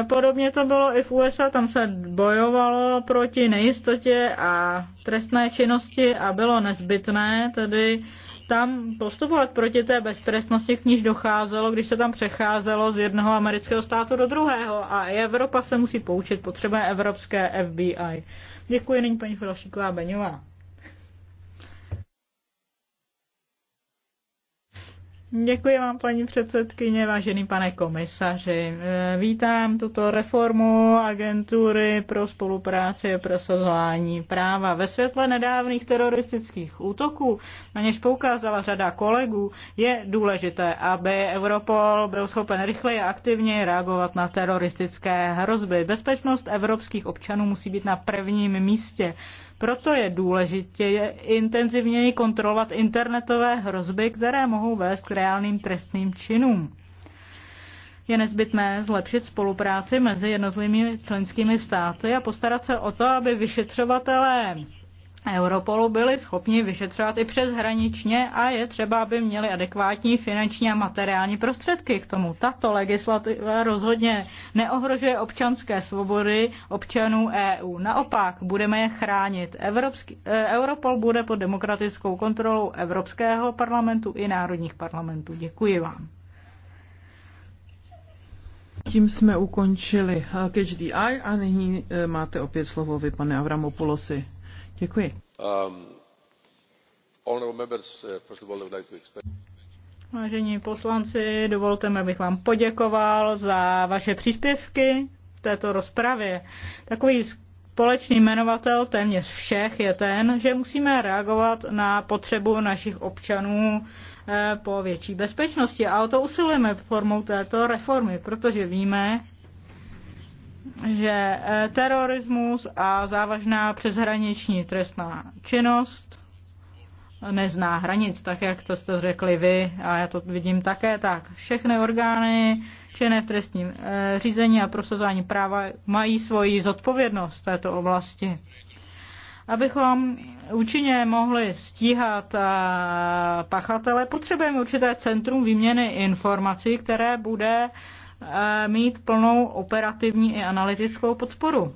Speaker 4: Podobně to bylo i v USA, tam se bojovalo proti nejistotě a trestné činnosti a bylo nezbytné tedy tam postupovat proti té beztrestnosti, k níž docházelo, když se tam přecházelo z jednoho amerického státu do druhého. A Evropa se musí poučit, potřebuje evropské FBI. Děkuji nyní paní Filošiková Beňová. Děkuji vám, paní předsedkyně, vážený pane komisaři. Eh, vítám tuto reformu agentury pro spolupráci a prosazování práva. Ve světle nedávných teroristických útoků, na něž poukázala řada kolegů, je důležité, aby Europol byl schopen rychleji a aktivně reagovat na teroristické hrozby. Bezpečnost evropských občanů musí být na prvním místě. Proto je důležité intenzivněji kontrolovat internetové hrozby, které mohou vést k reálným trestným činům. Je nezbytné zlepšit spolupráci mezi jednotlivými členskými státy a postarat se o to, aby vyšetřovatelé Europolu byli schopni vyšetřovat i přeshraničně a je třeba, aby měli adekvátní finanční a materiální prostředky k tomu. Tato legislativa rozhodně neohrožuje občanské svobody občanů EU. Naopak, budeme je chránit. Evropský, eh, Europol bude pod demokratickou kontrolou Evropského parlamentu i národních parlamentů. Děkuji vám.
Speaker 1: Tím jsme ukončili Catch the Eye a nyní e, máte opět slovo vy, pane Avramopoulosi. Děkuji.
Speaker 5: Um, uh,
Speaker 4: Vážení poslanci, dovolte mi, abych vám poděkoval za vaše příspěvky v této rozpravě. Takový společný jmenovatel téměř všech je ten, že musíme reagovat na potřebu našich občanů eh, po větší bezpečnosti. A o to usilujeme formou této reformy, protože víme, že eh, terorismus a závažná přeshraniční trestná činnost nezná hranic, tak jak to jste řekli vy, a já to vidím také tak. Všechny orgány činné v trestním eh, řízení a prosazování práva mají svoji zodpovědnost v této oblasti. Abychom účinně mohli stíhat eh, pachatele, potřebujeme určité centrum výměny informací, které bude Eh, mít plnou operativní i analytickou podporu.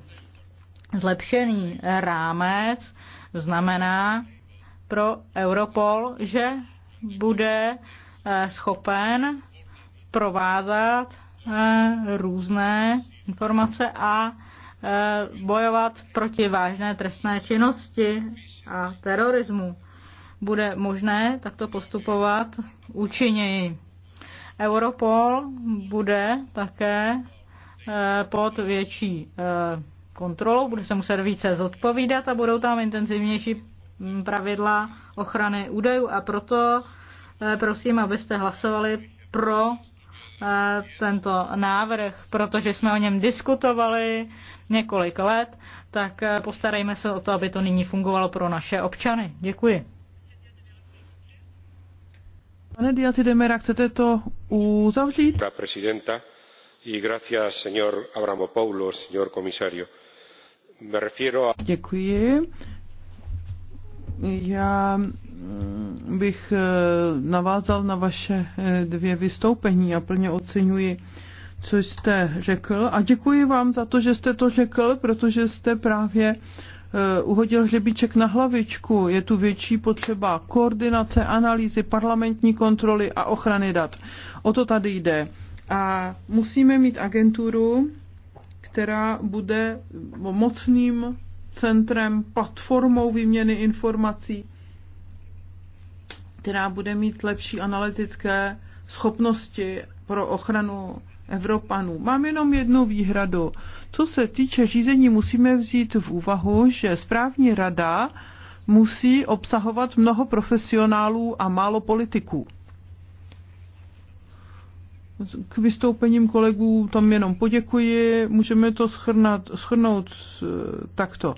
Speaker 4: Zlepšený rámec znamená pro Europol, že bude eh, schopen provázat eh, různé informace a bojovat proti vážné trestné činnosti a terorismu. Bude možné takto postupovat účinněji. Europol bude také eh, pod větší eh, kontrolou, bude se muset více zodpovídat a budou tam intenzivnější mm, pravidla ochrany údajů a proto eh, prosím, abyste hlasovali pro tento návrh, protože jsme o něm diskutovali několik let, tak postarejme se o to, aby to nyní fungovalo pro naše občany. Děkuji.
Speaker 1: Pane Díaz Demera, chcete to uzavřít?
Speaker 2: Prezidenta, i gracias, señor Abramopoulos, señor comisario. Me refiero a... Děkuji.
Speaker 1: Já mm, bych eh, navázal na vaše eh, dvě vystoupení a plně oceňuji, co jste řekl a děkuji vám za to, že jste to řekl, protože jste právě Eh, uhodil hřebíček na hlavičku. Je tu větší potřeba koordinace, analýzy, parlamentní kontroly a ochrany dat. O to tady jde. A musíme mít agenturu, která bude mocným centrem, platformou výměny informací, která bude mít lepší analytické schopnosti pro ochranu Evropanů. Mám jenom jednu výhradu. Co se týče řízení, musíme vzít v úvahu, že správní rada musí obsahovat mnoho profesionálů a málo politiků. K vystoupením kolegů tam jenom poděkuji. Můžeme to schrnat, schrnout eh, takto.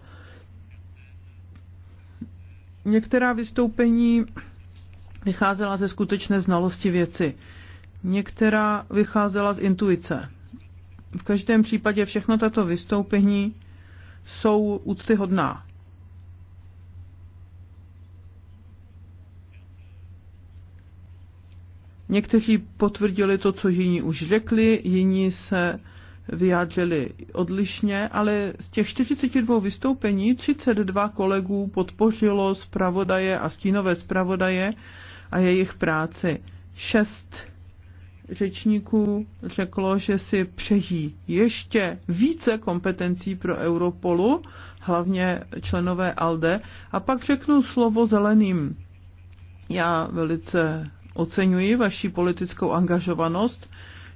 Speaker 1: Některá vystoupení vycházela ze skutečné znalosti věci. Některá vycházela z intuice. V každém případě všechno tato vystoupení jsou úctyhodná. Někteří potvrdili to, co jiní už řekli, jiní se vyjádřili odlišně, ale z těch 42 vystoupení 32 kolegů podpořilo zpravodaje a stínové zpravodaje a jejich práci. 6 řečníků řeklo, že si přejí ještě více kompetencí pro Europolu, hlavně členové ALDE, a pak řeknu slovo zeleným. Já velice oceňuji vaši politickou angažovanost.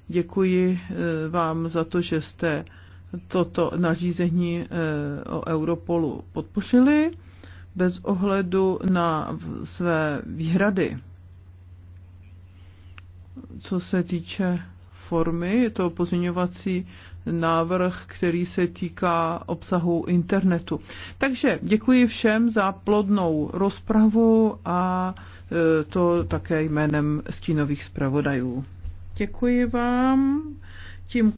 Speaker 1: Děkuji eh, vám za to, že jste toto nařízení eh, o Europolu podpořili bez ohledu na své výhrady co se týče formy, je to pozměňovací návrh, který se týká obsahu internetu. Takže děkuji všem za plodnou rozpravu a e, to také jménem stínových zpravodajů. Děkuji vám. Tím